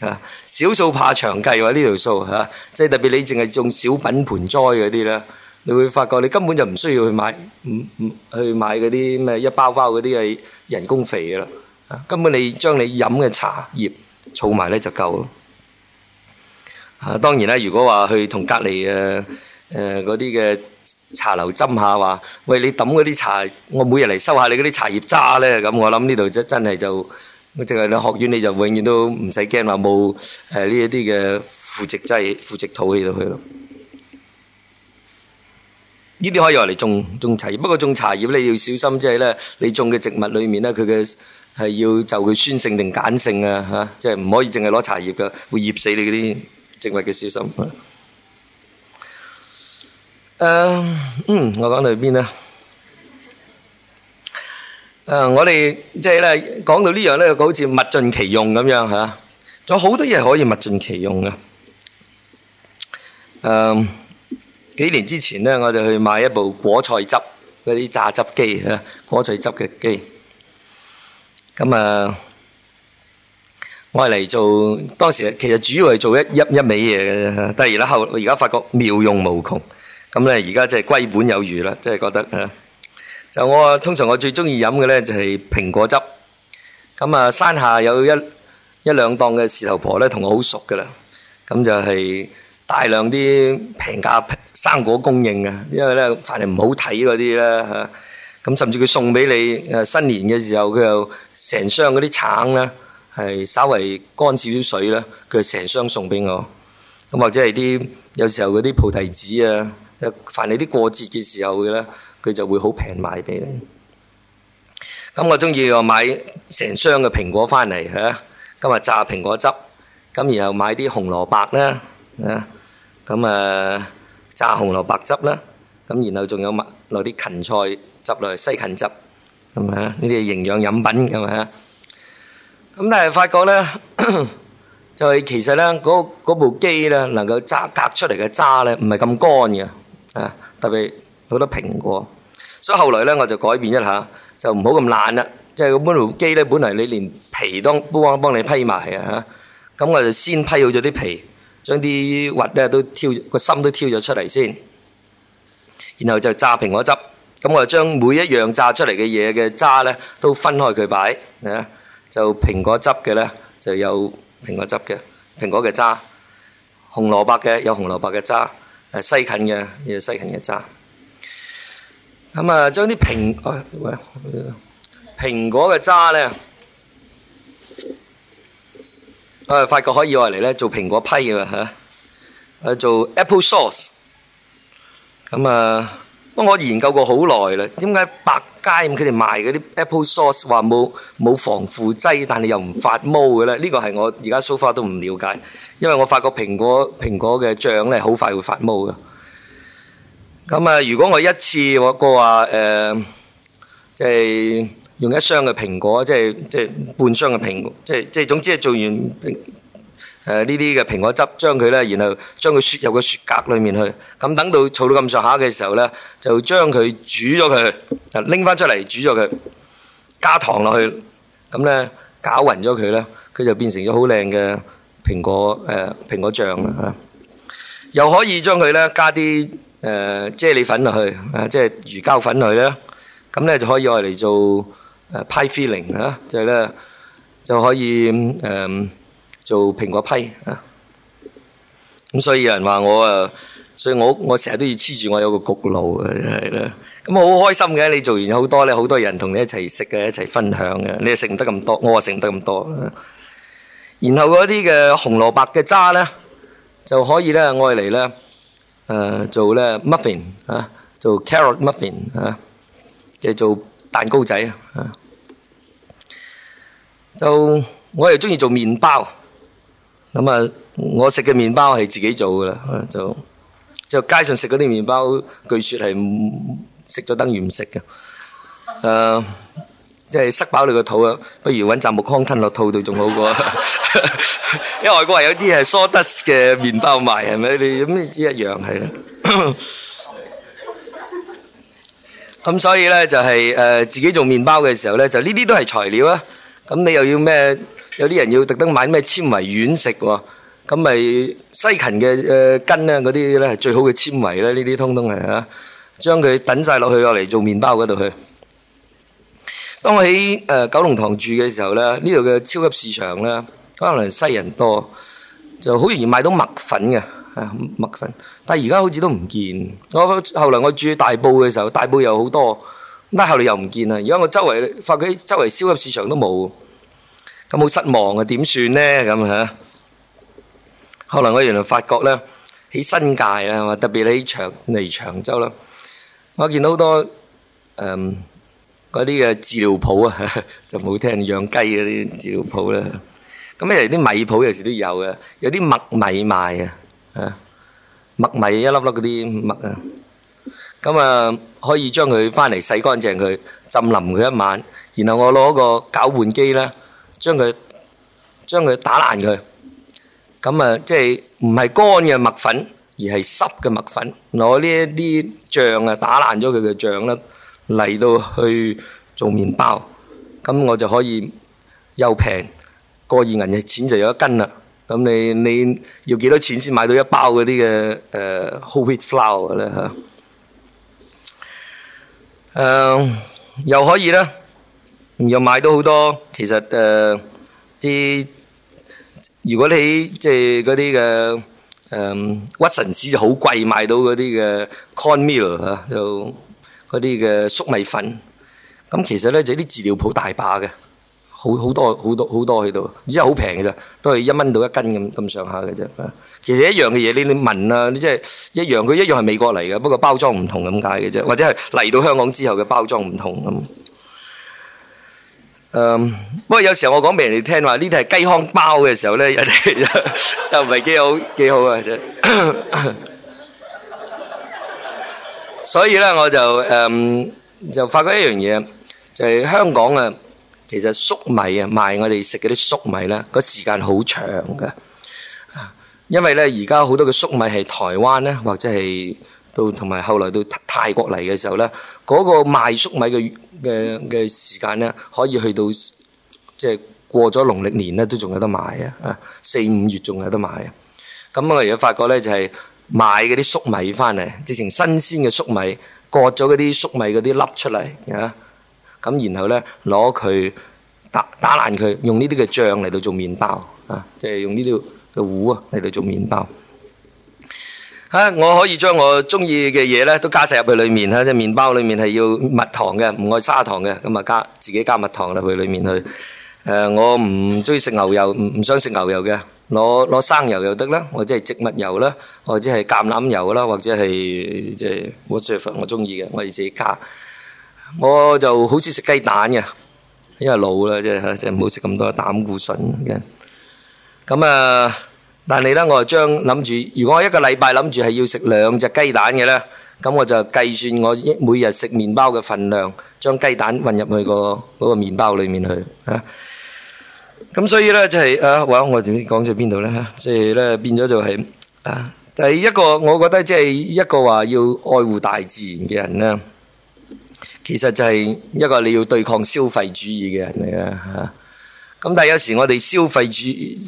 啊！少數怕長計喎，呢條數吓，即係特別你淨係種小品盆栽嗰啲咧，你會發覺你根本就唔需要去買，唔唔去買嗰啲咩一包包嗰啲嘅人工肥噶啦，根本你將你飲嘅茶葉儲埋咧就夠咯。啊，當然啦，如果話去同隔籬誒誒嗰啲嘅茶樓斟下話，喂，你抌嗰啲茶，我每日嚟收下你嗰啲茶葉渣咧，咁我諗呢度真係就～我淨係你學院，你就永遠都唔使驚話冇誒呢一啲嘅腐殖劑、腐殖土去到去咯。呢啲可以攞嚟種種茶葉，不過種茶葉你要小心，即係咧你種嘅植物裏面咧，佢嘅係要就佢酸性定鹼性啊吓，即係唔可以淨係攞茶葉噶，會醃死你嗰啲植物嘅小心。誒，嗯，我講到邊啊？誒，我哋即係咧講到呢樣咧，好似物盡其用咁樣吓，仲有好多嘢可以物盡其用嘅。誒，幾年之前咧，我就去買一部果菜汁嗰啲榨汁機吓，果菜汁嘅機。咁啊，我係嚟做，當時其實主要係做一一一味嘢嘅啫，但係而家後而家發覺妙用無窮，咁咧而家即係歸本有餘啦，即係覺得吓。就我通常我最中意飲嘅咧，就係蘋果汁，咁啊山下有一一兩檔嘅士頭婆咧同我好熟噶啦，咁就係大量啲平價生果供應嘅，因為咧凡係唔好睇嗰啲咧吓，咁甚至佢送俾你誒新年嘅時候佢又成箱嗰啲橙啦，係稍微乾少少水啦，佢就成箱送俾我，咁或者係啲有時候嗰啲菩提子啊，凡係啲過節嘅時候嘅啦。佢就會好平賣俾你。咁我中意我買成箱嘅蘋果翻嚟吓，今日榨蘋果汁。咁然後買啲紅蘿蔔啦，啊，咁啊榨紅蘿蔔汁啦。咁然後仲有買攞啲芹菜汁落去，西芹汁，係咪啊？呢啲營養飲品，係咪啊？咁但係發覺咧，就係其實咧嗰嗰部機咧能夠榨隔出嚟嘅渣咧，唔係咁乾嘅，啊特別。好多蘋果，所以後來咧我就改變一下，就唔好咁爛啦。即係嗰部機咧，本來你連皮都幫幫你批埋啊嚇。咁我就先批好咗啲皮，將啲核咧都挑個芯都挑咗出嚟先，然後就榨蘋果汁。咁我就將每一樣榨出嚟嘅嘢嘅渣咧，都分開佢擺嚇、啊。就蘋果汁嘅咧就有蘋果汁嘅蘋果嘅渣，紅蘿蔔嘅有紅蘿蔔嘅渣，誒西芹嘅有西芹嘅渣。咁啊，將啲蘋，誒喂，蘋果嘅渣咧，誒發覺可以攞嚟咧做蘋果批㗎嚇，誒做 apple sauce。咁啊，不過我研究過好耐啦，點解百佳咁佢哋賣嗰啲 apple sauce，話冇冇防腐劑，但係又唔發毛嘅咧？呢個係我而家 so far 都唔瞭解，因為我發覺蘋果蘋果嘅醬咧好快會發毛㗎。咁啊、嗯！如果我一次我個話誒，即、呃、係、就是、用一箱嘅蘋果，即係即係半箱嘅蘋果，即係即係總之係做完誒呢啲嘅蘋果汁，將佢咧，然後將佢雪入個雪格裏面去。咁、嗯、等到儲到咁上下嘅時候咧，就將佢煮咗佢，啊拎翻出嚟煮咗佢，加糖落去，咁咧攪勻咗佢咧，佢就變成咗好靚嘅蘋果誒蘋、呃、果醬啦吓。又可以將佢咧加啲。誒、呃，即係粉落去，誒、啊，即係魚膠粉落去啦，咁咧就可以愛嚟做誒派 f e e l i n g 啊，就咧、是、就可以誒、嗯、做蘋果派啊。咁、嗯、所以有人話我啊，所以我我成日都要黐住我有個焗爐嘅係啦。咁我好開心嘅，你做完好多咧，好多人同你一齊食嘅，一齊分享嘅。你食唔得咁多，我多啊食唔得咁多。然後嗰啲嘅紅蘿蔔嘅渣咧，就可以咧愛嚟咧。誒做咧 muffin 嚇，做 carrot muffin 嚇，叫、啊做，啊、做蛋糕仔啊，就我又中意做麵包，咁啊，我食嘅麵包係自己做噶啦、啊，就就街上食嗰啲麵包，據説係食咗等於唔食嘅，誒。啊。即係塞飽你個肚啊！不如揾雜木糠吞落肚度仲好過，因為外國話有啲係梳得嘅麵包賣，係咪你咁？一樣係啦。咁、 嗯、所以咧就係、是、誒、呃、自己做麵包嘅時候咧，就呢啲都係材料啊。咁你又要咩？有啲人要特登買咩纖維丸食喎。咁、哦、咪西芹嘅誒、呃、根咧，嗰啲咧係最好嘅纖維咧，呢啲通通係啊，將佢揼晒落去落嚟做麵包嗰度去。當我喺誒九龍塘住嘅時候呢，呢度嘅超級市場呢，可能西人多，就好容易買到麥粉嘅啊麥粉。但係而家好似都唔見。我後來我住大埔嘅時候，大埔又好多，咁但係後來又唔見啦。而家我周圍發覺周圍超級市場都冇，咁好失望啊！點算呢？咁啊？後來我原來發覺呢，喺新界啊，特別喺長嚟，長洲啦，我見到好多誒。嗰啲嘅飼料鋪啊，就冇聽養雞嗰啲飼料鋪啦。咁咧有啲米鋪有時都有嘅，有啲麥米賣嘅，啊麥米一粒粒嗰啲麥啊。咁啊，可以將佢翻嚟洗乾淨佢，浸腍佢一晚，然後我攞個攪拌機啦，將佢將佢打爛佢。咁啊，即係唔係乾嘅麥粉，而係濕嘅麥粉，攞呢一啲漿啊打爛咗佢嘅漿啦。嚟到去做麵包，咁我就可以又平，個二銀嘅錢就有一斤啦。咁你你要幾多錢先買到一包嗰啲嘅誒 whole wheat flour 咧嚇？誒又可以啦，又買到好多。其實誒，啲如果你即係嗰啲嘅誒屈臣氏就好貴，買到嗰啲嘅 corn meal 啊就。嗰啲嘅粟米粉，咁其實咧就啲飼料鋪大把嘅，好好多好多好多喺度，而家好平嘅啫，都係一蚊到一斤咁咁上下嘅啫。其實一樣嘅嘢，你你問啊，你即係一樣，佢一樣係美國嚟嘅，不過包裝唔同咁解嘅啫，或者係嚟到香港之後嘅包裝唔同咁。嗯，不過有時候我講俾人哋聽話呢啲係雞湯包嘅時候咧，人哋就唔係幾好幾好嘅啫。所以咧，我就誒就發覺一樣嘢，就係香港啊，其實粟米啊賣我哋食嗰啲粟米咧，個時間好長㗎，啊，因為咧而家好多嘅粟米係台灣咧，或者係到同埋後來到泰國嚟嘅時候咧，嗰個賣粟米嘅嘅嘅時間咧，可以去到即係過咗農曆年咧，都仲有得賣啊，啊，四五月仲有得賣啊，咁我而家發覺咧就係。買嗰啲粟米返嚟，直情新鮮嘅粟米，割咗嗰啲粟米嗰啲粒出嚟啊。咁然後呢，攞佢打打爛佢，用呢啲嘅醬嚟到做麵包啊，即係用呢啲嘅糊啊嚟到做麵包啊。我可以將我中意嘅嘢咧都加晒入去裏面啊，即係麵包裏面係要蜜糖嘅，唔愛砂糖嘅，咁啊加自己加蜜糖入去裏面去。誒，我唔中意食牛油，唔唔想食牛油嘅。攞攞生油又得啦，或者係植物油啦，或者係橄欖油啦，或者係即係我我中意嘅，我要自己加。我就好少食雞蛋嘅，因為老啦，即係即係唔好食咁多膽固醇嘅。咁啊，但係咧，我就將諗住，如果我一個禮拜諗住係要食兩隻雞蛋嘅咧，咁我就計算我每日食麵包嘅份量，將雞蛋混入去個嗰個麵包裏面去啊。咁所以咧就係，誒，話我前面講咗邊度咧吓，即係咧變咗就係，啊，就係、是就是就是就是、一個我覺得即係一個話要愛護大自然嘅人咧，其實就係一個你要對抗消費主義嘅人嚟嘅吓。咁、啊、但係有時我哋消費主義，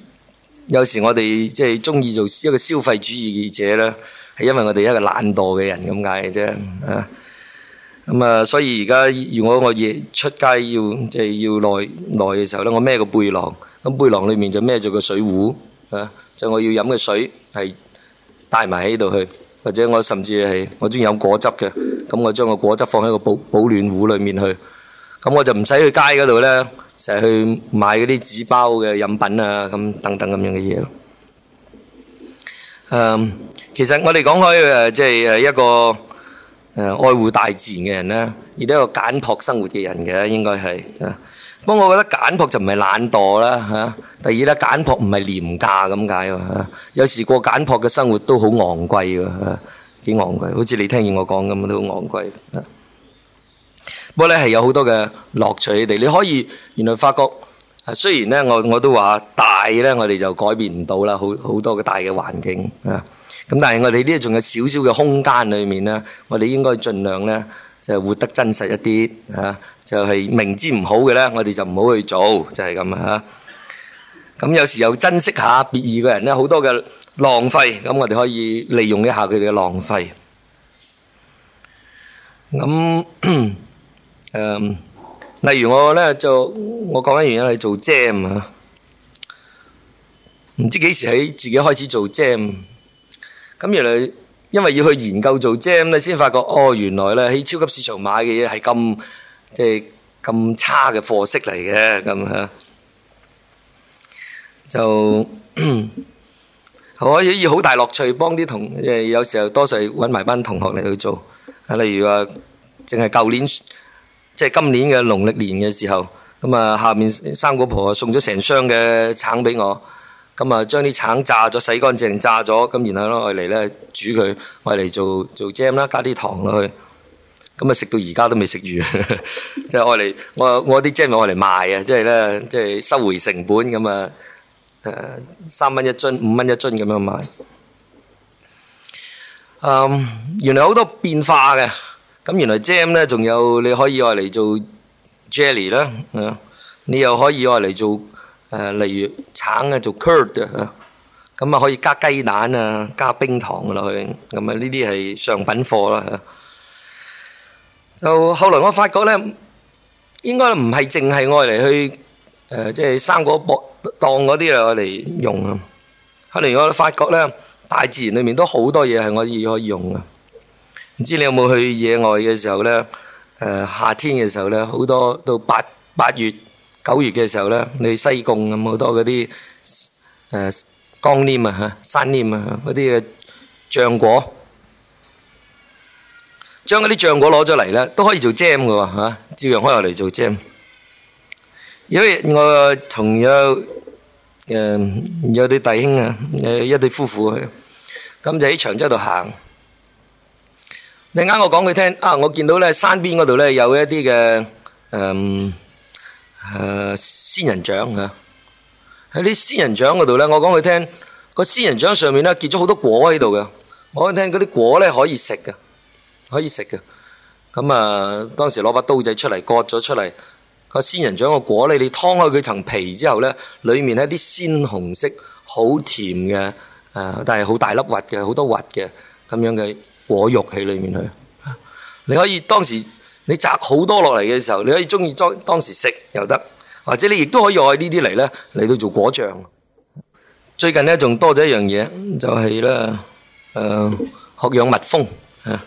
有時我哋即係中意做一個消費主義嘅者咧，係因為我哋一個懶惰嘅人咁解嘅啫，啊。咁啊，所以而家如果我夜出街要即係要耐耐嘅時候咧，我孭個背囊，咁背囊裏面就孭住個水壺，啊，即係我要飲嘅水係帶埋喺度去，或者我甚至係我中意飲果汁嘅，咁我將個果汁放喺個保保暖壺裏面去，咁我就唔使去街嗰度咧，成日去買嗰啲紙包嘅飲品啊，咁等等咁樣嘅嘢咯。嗯，其實我哋講開誒，即係誒一個。誒、啊，愛護大自然嘅人呢，亦都有簡樸生活嘅人嘅，應該係啊。不過我覺得簡樸就唔係懶惰啦，吓、啊。第二咧，簡樸唔係廉價咁解。有時過簡樸嘅生活都好昂貴噶，吓、啊，幾昂貴。好似你聽見我講咁都好昂貴。不過咧，係有好多嘅樂趣喺度。你可以原來發覺，啊、雖然呢，我我都話大呢，我哋就改變唔到啦。好好多嘅大嘅環境啊。咁但係我哋呢，仲有少少嘅空間裏面呢，我哋應該盡量呢就活得真實一啲吓，就係明知唔好嘅呢，我哋就唔好去做，就係咁嚇。咁有時候又珍惜下別二嘅人呢，好多嘅浪費，咁我哋可以利用一下佢哋嘅浪費。咁誒，例如我呢就，我講緊原因係做 jam 嚇，唔知幾時喺自己開始做 jam。咁原來因為要去研究做 jam，咁你先發覺，哦，原來咧喺超級市場買嘅嘢係咁，即係咁差嘅貨色嚟嘅，咁樣就可以要好大樂趣，幫啲同，即係有時候多數揾埋班同學嚟去做啊。例如話，淨係舊年即係今年嘅農曆年嘅時候，咁啊，下面三個婆送咗成箱嘅橙俾我。咁啊，將啲橙炸咗，洗乾淨，炸咗，咁然後攞嚟咧煮佢，攞嚟做做 jam 啦，加啲糖落去。咁啊，食到而家都未食完，即係攞嚟，我我啲 jam 咪攞嚟賣啊，即係咧，即、就、係、是、收回成本咁啊，嗯，三蚊一樽，五蚊一樽咁樣賣、um, 原。原來好多變化嘅，咁原來 jam 咧仲有你可以攞嚟做 jelly 啦、啊，你又可以攞嚟做。誒，例如橙啊，做 curd 啊，咁啊可以加雞蛋啊，加冰糖落去，咁啊呢啲係上品貨啦吓。就後來我發覺咧，應該唔係淨係愛嚟去誒，即係生果博檔嗰啲嚟我嚟用啊。後來我發覺咧，大自然裏面都好多嘢係可以可以用啊。唔知你有冇去野外嘅時候咧？誒，夏天嘅時候咧，好多到八八月。九月嘅時候咧，你西貢咁好多嗰啲誒江念啊吓，山念啊嗰啲嘅漿果，將嗰啲漿果攞咗嚟咧，都可以做 jam 嘅吓，照樣開落嚟做 jam。因為我同有誒有啲弟兄啊，誒一對夫婦，咁就喺長洲度行。你啱我講佢聽啊，我見到咧山邊嗰度咧有一啲嘅誒。誒，仙人掌啊，喺啲仙人掌嗰度呢，我講佢聽個仙人掌上面呢，結咗好多果喺度嘅，我講聽嗰啲果呢，可以食嘅，可以食嘅。咁啊，當時攞把刀仔出嚟，割咗出嚟，個仙人掌個果呢，你劏開佢層皮之後呢，裏面呢啲鮮紅色，好甜嘅，誒，但係好大粒核嘅，好多核嘅咁樣嘅果肉喺裏面去。你可以當時。你摘好多落嚟嘅時候，你可以中意當當時食又得，或者你亦都可以用呢啲嚟咧嚟到做果醬。最近咧仲多咗一樣嘢，就係啦，誒，學養蜜蜂啊。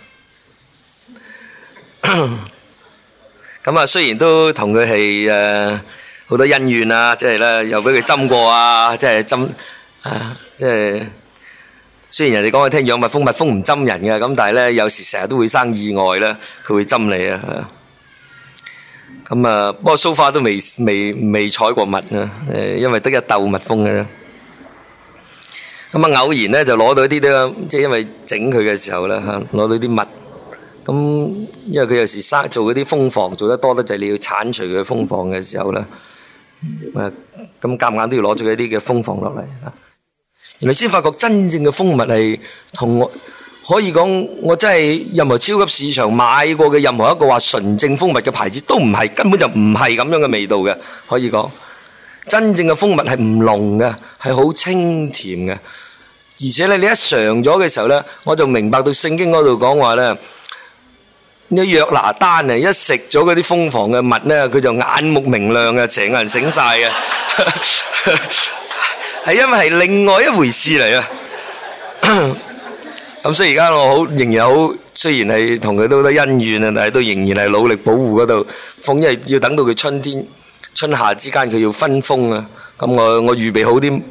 咁啊，雖然都同佢係誒好多恩怨啊，即係咧又俾佢針過啊，即係針啊，即係。雖然人哋講我聽，養蜜蜂，蜜蜂唔針人嘅，咁但係咧有時成日都會生意外咧，佢會針你啊！咁啊，不過蘇花都未未未採過蜜啊，誒，因為得一斗蜜蜂嘅啦。咁啊，偶然咧就攞到啲咧，即係因為整佢嘅時候啦吓，攞到啲蜜。咁因為佢有時生做嗰啲蜂房做得多得滯，你要鏟除佢蜂房嘅時候咧，誒，咁夾硬都要攞咗一啲嘅蜂房落嚟啊。原來先發覺真正嘅蜂蜜係同我可以講，我真係任何超級市場買過嘅任何一個話純正蜂蜜嘅牌子都唔係，根本就唔係咁樣嘅味道嘅。可以講，真正嘅蜂蜜係唔濃嘅，係好清甜嘅。而且咧，你一嘗咗嘅時候咧，我就明白到聖經嗰度講話咧，呢約拿單啊，一食咗嗰啲蜂房嘅蜜咧，佢就眼目明亮嘅，成個人醒晒嘅。係因為係另外一回事嚟啊！咁所以而家我好仍然好，雖然係同佢都得恩怨啊，但係都仍然係努力保護嗰度蜂，因為要等到佢春天、春夏之間佢要分蜂啊。咁我我預備好啲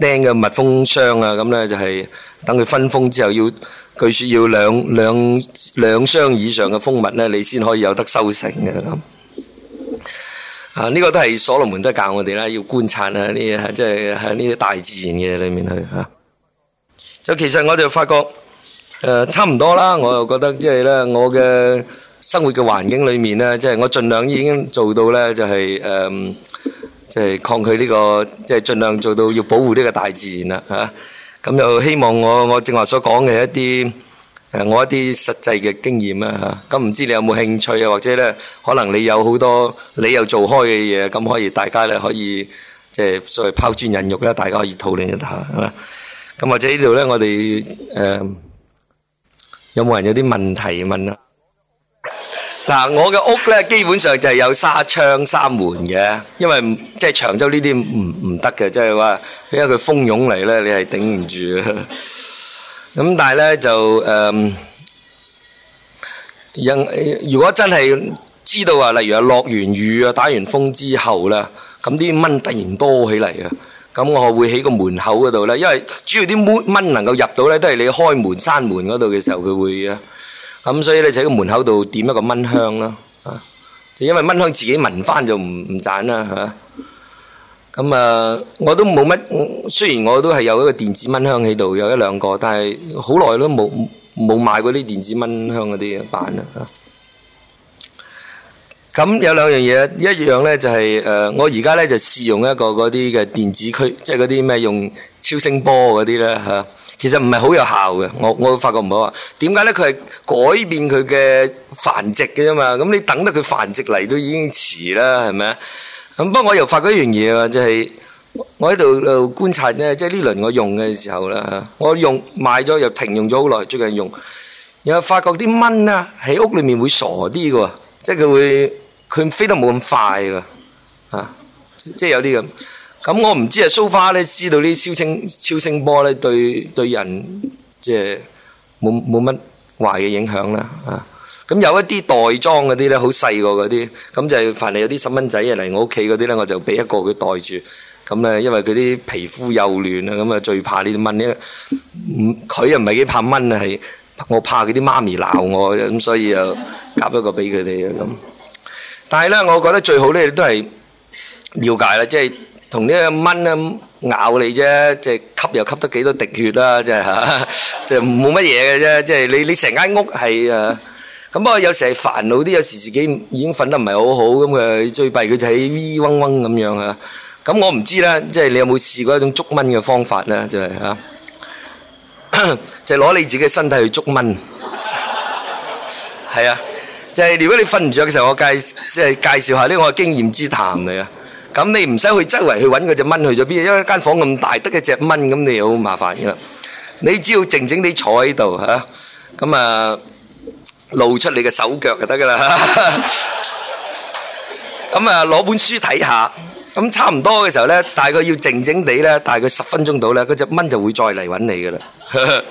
釘嘅蜜蜂箱啊，咁呢就係等佢分蜂之後，要據説要兩兩兩箱以上嘅蜂蜜呢，你先可以有得收成嘅咁。啊！呢、這個都係所羅門都係教我哋啦，要觀察啊呢即係喺呢啲大自然嘅裏面去吓、啊。就其實我就發覺，誒、呃，差唔多啦。我又覺得即係咧，我嘅生活嘅環境裏面咧，即、就、係、是、我盡量已經做到咧、就是呃，就係誒，即係抗拒呢、這個，即、就、係、是、盡量做到要保護呢個大自然啦吓。咁、啊啊、又希望我我正話所講嘅一啲。呃、我一啲實際嘅經驗啦嚇，咁唔知你有冇興趣啊？或者咧，可能你有好多你又做開嘅嘢，咁可以大家咧可以即係所謂拋磚引玉啦，大家可以討論一下，係嘛？咁、啊、或者呢度咧，我哋誒、啊、有冇人有啲問題問啊？嗱，我嘅屋咧基本上就係有沙窗、沙門嘅，因為即係長洲呢啲唔唔得嘅，即係話因為佢蜂湧嚟咧，你係頂唔住啊！咁但係咧就誒，若如果真係知道啊，例如啊落完雨啊打完風之後啦，咁啲蚊突然多起嚟啊，咁我會喺個門口嗰度咧，因為主要啲蚊蚊能夠入到咧，都係你開門、閂門嗰度嘅時候佢會啊，咁所以咧就喺個門口度點一個蚊香啦，啊，就因為蚊香自己聞翻就唔唔盞啦嚇。咁啊，我都冇乜，雖然我都係有一個電子蚊香喺度，有一兩個，但係好耐都冇冇買過啲電子蚊香嗰啲版啦。咁有兩樣嘢，一樣呢，就係、是、誒、啊，我而家呢，就試用一個嗰啲嘅電子驅，即係嗰啲咩用超聲波嗰啲呢。其實唔係好有效嘅，我我發覺唔好啊。點解呢？佢係改變佢嘅繁殖嘅啫嘛。咁你等到佢繁殖嚟都已經遲啦，係咪啊？咁不過我又發覺一樣嘢啊，就係我喺度度觀察咧，即係呢輪我用嘅時候啦，我用買咗又停用咗好耐，最近用，然後發覺啲蚊啊喺屋裏面會傻啲嘅，即係佢會佢飛得冇咁快噶，啊，即係有啲咁。咁我唔知啊，蘇花咧知道啲超清超聲波咧對對人即係冇冇乜壞嘅影響啦啊。咁有一啲袋裝嗰啲咧，好細個嗰啲，咁就係凡係有啲細蚊仔嚟我屋企嗰啲咧，我就俾一個佢袋住。咁呢，因為佢啲皮膚幼嫩啊，咁啊最怕呢啲蚊呢，唔，佢又唔係幾怕蚊啊，係我怕佢啲媽咪鬧我，咁所以又夾一個俾佢哋咁。但係咧，我覺得最好咧都係了解啦，即係同呢個蚊咁咬你啫，即係吸又吸得幾多滴血啦、啊，即係即係冇乜嘢嘅啫。即 係你你成間屋係啊～咁啊，有時係煩惱啲，有時自己已經瞓得唔係好好咁佢，最弊佢就喺嗡嗡咁樣啊。咁我唔知啦，即係你有冇試過一種捉蚊嘅方法咧？就係嚇，就攞你自己身體去捉蚊。係啊，即係如果你瞓唔著嘅時候，我介即係介紹下呢個經驗之談嚟啊。咁你唔使去周圍去揾嗰隻蚊去咗邊，因為間房咁大，得一隻蚊咁你好麻煩嘅啦。你只要靜靜地坐喺度嚇，咁啊。露出你嘅手腳就得噶啦，咁啊攞本書睇下，咁差唔多嘅時候咧，大概要靜靜地咧，大概十分鐘到咧，嗰隻蚊就會再嚟揾你噶啦。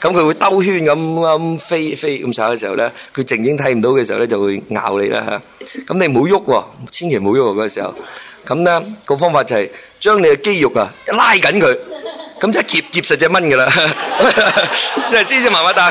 咁佢會兜圈咁咁飛飛咁炒嘅時候咧，佢靜靜睇唔到嘅時候咧，就會咬你啦吓。咁你冇喐，千祈冇喐嗰個時候。咁咧個方法就係將你嘅肌肉啊拉緊佢，咁一夾夾實隻蚊噶啦，即係先先麻麻大。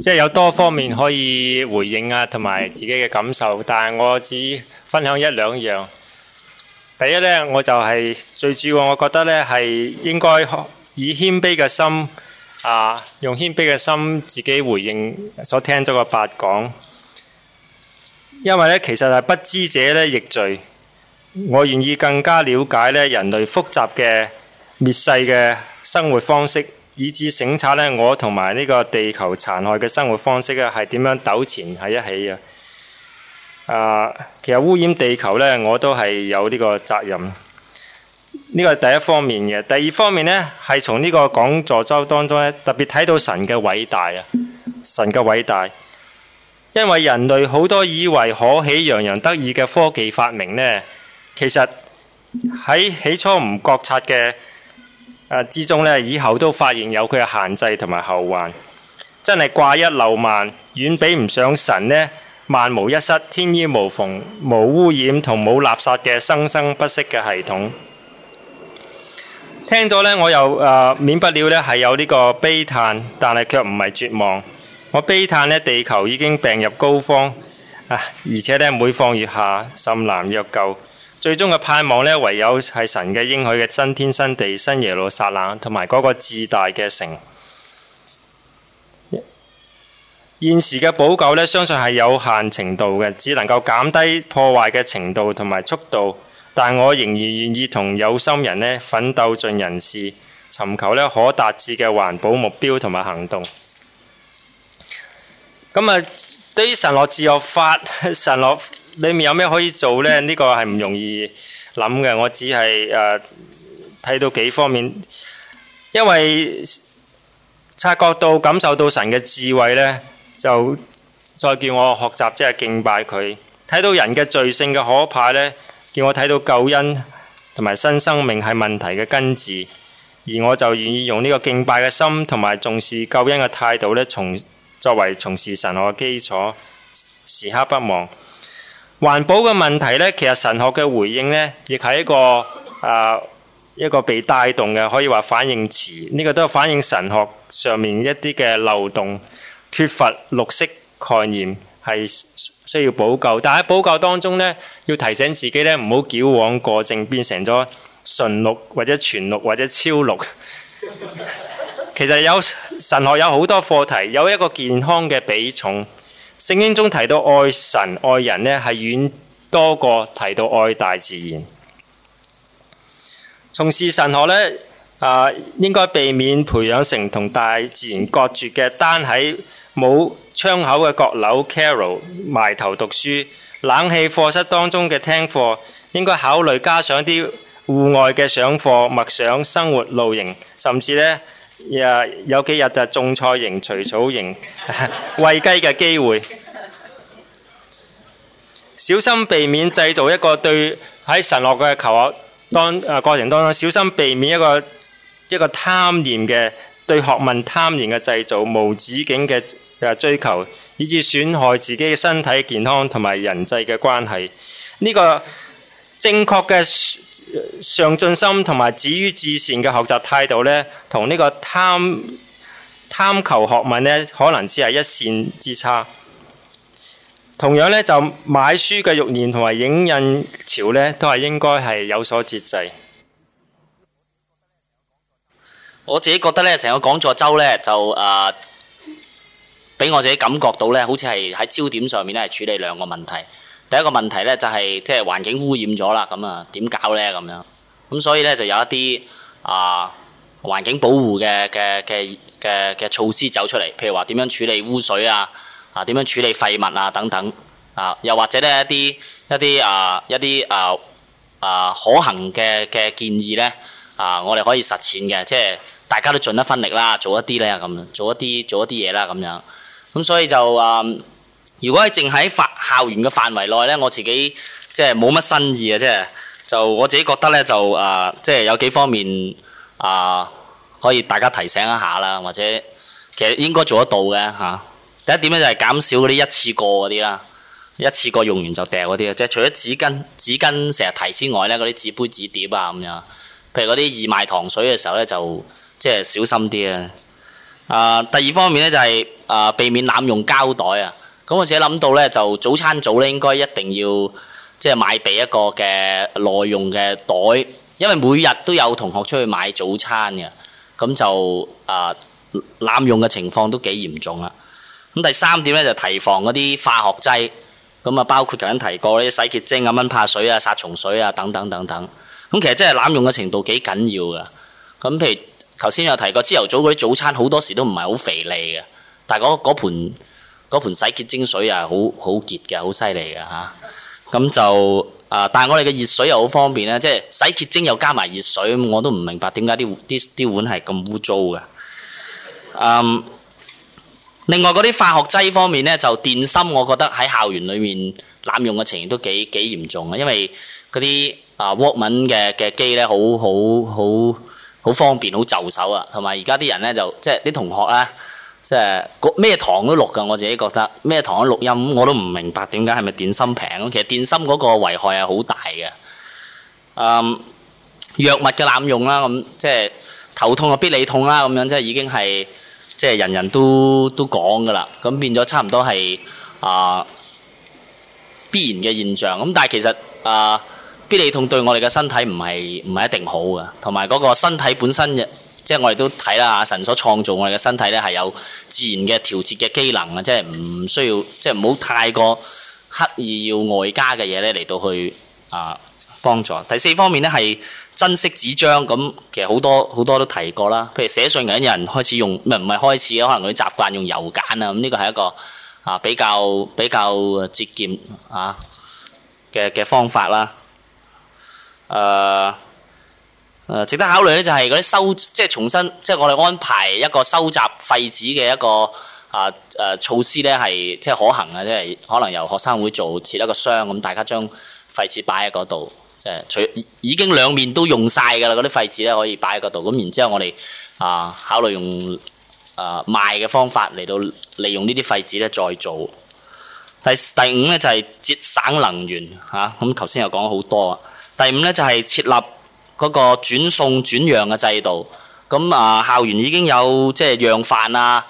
即係有多方面可以回應啊，同埋自己嘅感受，但係我只分享一兩樣。第一咧，我就係最主要，我覺得咧係應該以謙卑嘅心啊，用謙卑嘅心自己回應所聽咗個八講。因為咧，其實係不知者咧亦罪。我願意更加了解咧人類複雜嘅滅世嘅生活方式。以至省察呢，我同埋呢個地球殘害嘅生活方式啊，係點樣糾纏喺一起啊？啊，其實污染地球呢，我都係有呢個責任，呢個係第一方面嘅。第二方面呢，係從呢個講座周當中咧，特別睇到神嘅偉大啊！神嘅偉大，因為人類好多以為可喜洋洋得意嘅科技發明呢，其實喺起初唔覺察嘅。啊！之中呢，以後都發現有佢嘅限制同埋後患，真係掛一漏萬，遠比唔上神呢萬無一失、天衣無縫、無污染同冇垃圾嘅生生不息嘅系統。聽咗呢，我又啊免、呃、不了呢係有呢個悲嘆，但係卻唔係絕望。我悲嘆呢，地球已經病入膏肓啊，而且呢，每況愈下，甚難藥救。最終嘅盼望呢，唯有係神嘅應許嘅新天新地、新耶路撒冷，同埋嗰個至大嘅城。現時嘅補救呢，相信係有限程度嘅，只能夠減低破壞嘅程度同埋速度。但我仍然願意同有心人呢，奮鬥盡人事，尋求呢可達至嘅環保目標同埋行動。咁啊，對於神落自由法，神落。裏面有咩可以做咧？呢個係唔容易諗嘅。我只係誒睇到幾方面，因為察覺到感受到神嘅智慧咧，就再叫我學習，即係敬拜佢。睇到人嘅罪性嘅可怕咧，叫我睇到救恩同埋新生命係問題嘅根治，而我就願意用呢個敬拜嘅心，同埋重視救恩嘅態度咧，從作為從事神學嘅基礎，時刻不忘。環保嘅問題呢，其實神學嘅回應呢，亦係一個誒、呃、一個被帶動嘅，可以話反應遲。呢、這個都係反映神學上面一啲嘅漏洞、缺乏綠色概念，係需要補救。但喺補救當中呢，要提醒自己呢，唔好矯枉過正，變成咗純綠或者全綠或者超綠。 其實有神學有好多課題，有一個健康嘅比重。聖經中提到愛神愛人呢係遠多過提到愛大自然。從事神學呢，啊、呃，應該避免培養成同大自然隔絕嘅，單喺冇窗口嘅閣樓，Carol 埋頭讀書，冷氣課室當中嘅聽課，應該考慮加上啲戶外嘅上課，默想生活露營，甚至呢，有幾日就種菜營、除草營、 餵雞嘅機會。小心避免製造一個對喺神學嘅求學當誒過程當中，小心避免一個一個貪念嘅對學問貪念嘅製造無止境嘅誒追求，以致損害自己嘅身體健康同埋人際嘅關係。呢、這個正確嘅上進心同埋止於至善嘅學習態度呢同呢個貪貪求學問呢可能只係一線之差。同樣咧，就買書嘅慾念同埋影印潮咧，都係應該係有所節制。我自己覺得咧，成個講座周咧就誒，俾、啊、我自己感覺到咧，好似係喺焦點上面咧，係處理兩個問題。第一個問題咧就係、係、即係環境污染咗啦，咁啊點搞咧咁樣？咁所以咧就有一啲啊環境保護嘅嘅嘅嘅嘅措施走出嚟，譬如話點樣處理污水啊？啊，點樣處理廢物啊？等等，啊，又或者咧一啲、啊、一啲啊一啲啊啊可行嘅嘅建議咧啊，我哋可以實踐嘅，即係大家都盡一分力啦，做一啲咧咁，做一啲做一啲嘢啦咁樣。咁所以就啊，如果係淨喺校園嘅範圍內咧，我自己即係冇乜新意啊，即係就我自己覺得咧就啊，即係有幾方面啊可以大家提醒一下啦，或者其實應該做得到嘅吓。第一點咧就係減少嗰啲一次過嗰啲啦，一次過用完就掉嗰啲啊，即係除咗紙巾、紙巾成日提之外咧，嗰啲紙杯、紙碟啊咁樣。譬如嗰啲義賣糖水嘅時候咧，就即係小心啲啊。啊，第二方面咧就係、是、啊，避免濫用膠袋啊。咁我自己諗到咧，就早餐組咧應該一定要即係、就是、買備一個嘅耐用嘅袋，因為每日都有同學出去買早餐嘅，咁就啊濫用嘅情況都幾嚴重啊。咁第三點咧就提防嗰啲化學劑，咁啊包括頭先提過啲洗潔精啊、蚊怕水啊、殺蟲水啊等等等等。咁其實真係濫用嘅程度幾緊要噶。咁譬如頭先有提過，朝頭早嗰啲早餐好多時都唔係好肥膩嘅，但係嗰嗰盤嗰盤洗潔精水啊，好好結嘅，好犀利嘅嚇。咁就啊，但係我哋嘅熱水又好方便咧，即係洗潔精又加埋熱水，我都唔明白點解啲啲啲碗係咁污糟嘅。嗯另外嗰啲化學劑方面呢，就電芯，我覺得喺校園裏面濫用嘅情形都幾幾嚴重啊！因為嗰啲啊 Walkman 嘅嘅機呢，好好好好方便，好就手啊！同埋而家啲人呢，就即係啲同學呢，即係咩堂都錄噶，我自己覺得咩堂都錄音，我都唔明白點解係咪電芯平？其實電芯嗰個危害係好大嘅。嗯，藥物嘅濫用啦，咁即係頭痛就必理痛啦，咁樣即係已經係。即係人人都都講㗎啦，咁變咗差唔多係啊、呃、必然嘅現象。咁但係其實啊，必、呃、理痛對我哋嘅身體唔係唔係一定好嘅，同埋嗰個身體本身即係、就是、我哋都睇啦嚇，神所創造我哋嘅身體呢係有自然嘅調節嘅機能啊，即係唔需要，即係唔好太過刻意要外加嘅嘢呢嚟到去啊幫、呃、助。第四方面呢係。是珍惜紙張咁，其實好多好多都提過啦。譬如寫信嗰啲人開始用，唔係唔係開始啊，可能佢習慣用郵簡啊。咁呢個係一個啊比較比較節儉啊嘅嘅方法啦。誒，呃，值得考慮咧，就係嗰啲收，即係重新，即係我哋安排一個收集廢紙嘅一個啊誒措施咧，係即係可行嘅，即係可能由學生會做，設一個箱咁，大家將廢紙擺喺嗰度。即係除已經兩面都用晒㗎啦，嗰啲廢紙咧可以擺喺嗰度。咁然之後，我哋啊考慮用啊賣嘅方法嚟到利用呢啲廢紙咧再做。第第五咧就係節省能源嚇。咁頭先又講好多。第五咧就係設立嗰個轉送轉讓嘅制度。咁啊，校園已經有即係、就是、讓飯啊、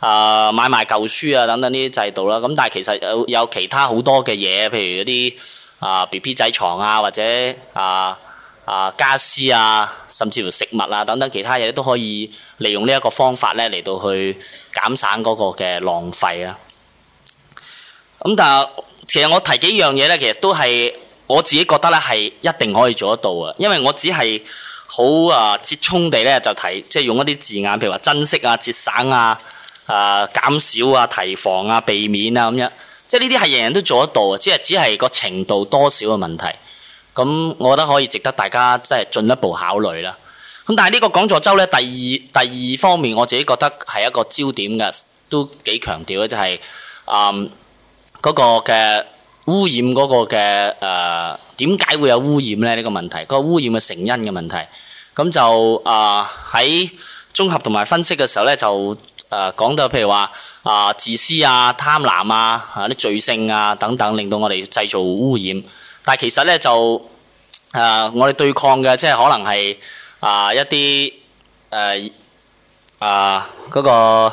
啊買賣舊書啊等等呢啲制度啦。咁、啊、但係其實有有其他好多嘅嘢，譬如嗰啲。啊，B B 仔床啊，或者啊啊家私啊，甚至乎食物啊等等其他嘢，都可以利用呢一個方法咧嚟到去減省嗰個嘅浪費啊。咁但係其實我提幾樣嘢咧，其實都係我自己覺得咧係一定可以做得到啊，因為我只係好啊折衷地咧就提，即係用一啲字眼，譬如話珍惜啊、節省啊、啊減少啊、提防啊、避免啊咁樣。即係呢啲係人人都做得到啊！只係只係個程度多少嘅問題。咁我覺得可以值得大家即係進一步考慮啦。咁但係呢個講座周咧，第二第二方面我自己覺得係一個焦點嘅，都幾強調嘅，就係啊嗰個嘅污染嗰個嘅誒點解會有污染咧？呢個問題，嗰個污染嘅成因嘅問題。咁就啊喺。呃喺綜合同埋分析嘅時候咧，就誒講、呃、到譬如話啊、呃，自私啊、貪婪啊、嚇啲、啊、罪性啊等等，令到我哋製造污染。但其實咧就誒、呃，我哋對抗嘅即係可能係啊、呃、一啲誒啊嗰個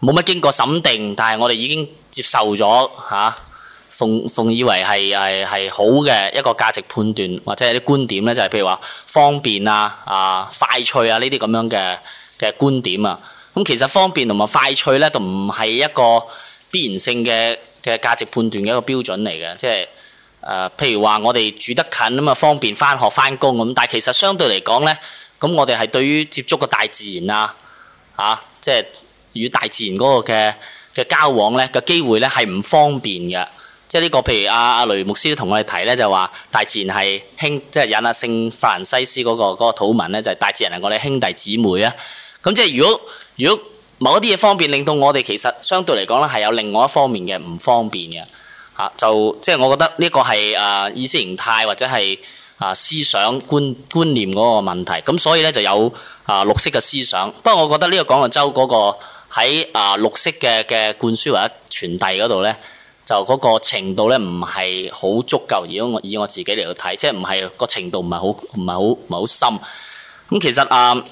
冇乜經過審定，但係我哋已經接受咗嚇奉奉以為係係係好嘅一個價值判斷，或者係啲觀點咧，就係譬如話方便啊、啊快趣啊呢啲咁樣嘅嘅觀點啊。咁其實方便同埋快趣咧，都唔係一個必然性嘅嘅價值判斷嘅一個標準嚟嘅，即係誒譬如話我哋住得近吖嘛，方便翻學翻工咁，但係其實相對嚟講咧，咁我哋係對於接觸個大自然啊嚇，即係與大自然嗰個嘅嘅交往咧嘅機會咧係唔方便嘅。即係呢個，譬如阿阿雷牧師都同我哋提咧，就話大自然係兄，即係引阿聖法蘭西斯嗰、嗰個、嗰個土文咧，就係大自然係我哋兄弟姊妹啊。咁即係如果如果某一啲嘢方便，令到我哋其實相對嚟講咧，係有另外一方面嘅唔方便嘅吓，就即係、就係、我覺得呢個係誒意識形態或者係啊思想觀觀念嗰個問題。咁所以咧就有啊綠色嘅思想。不過我覺得呢個講澳洲嗰、嗰個喺啊綠色嘅嘅灌輸或者傳遞嗰度咧。就嗰個程度咧，唔係好足夠。如果我以我自己嚟到睇，即係唔係個程度唔係好，唔係好，唔係好深。咁其實啊、呃，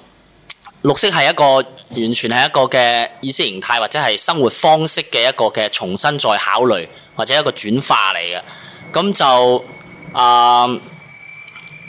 綠色係一個完全係一個嘅意識形態，或者係生活方式嘅一個嘅重新再考慮，或者一個轉化嚟嘅。咁就啊、呃，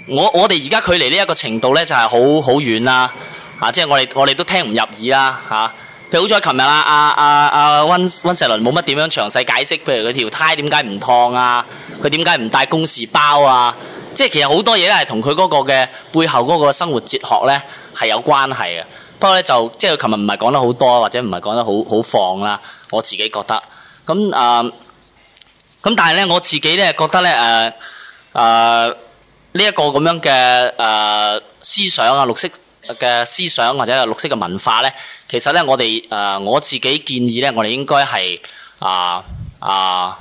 我我哋而家距離呢一個程度咧，就係好好遠啦。即係、啊就是、我哋我哋都聽唔入耳啦，嚇。好彩琴日啊，阿阿阿溫溫世倫冇乜點樣詳細解釋，譬如佢條胎點解唔燙啊，佢點解唔帶公事包啊，即係其實好多嘢咧，係同佢嗰個嘅背後嗰個生活哲學咧係有關係嘅。不過咧就即係佢琴日唔係講得好多，或者唔係講得好好放啦。我自己覺得咁啊，咁、呃、但係咧我自己咧覺得咧誒誒呢一、呃呃這個咁樣嘅誒、呃、思想啊，綠色。嘅思想或者係綠色嘅文化呢，其實呢，我哋誒、呃、我自己建議呢，我哋應該係啊啊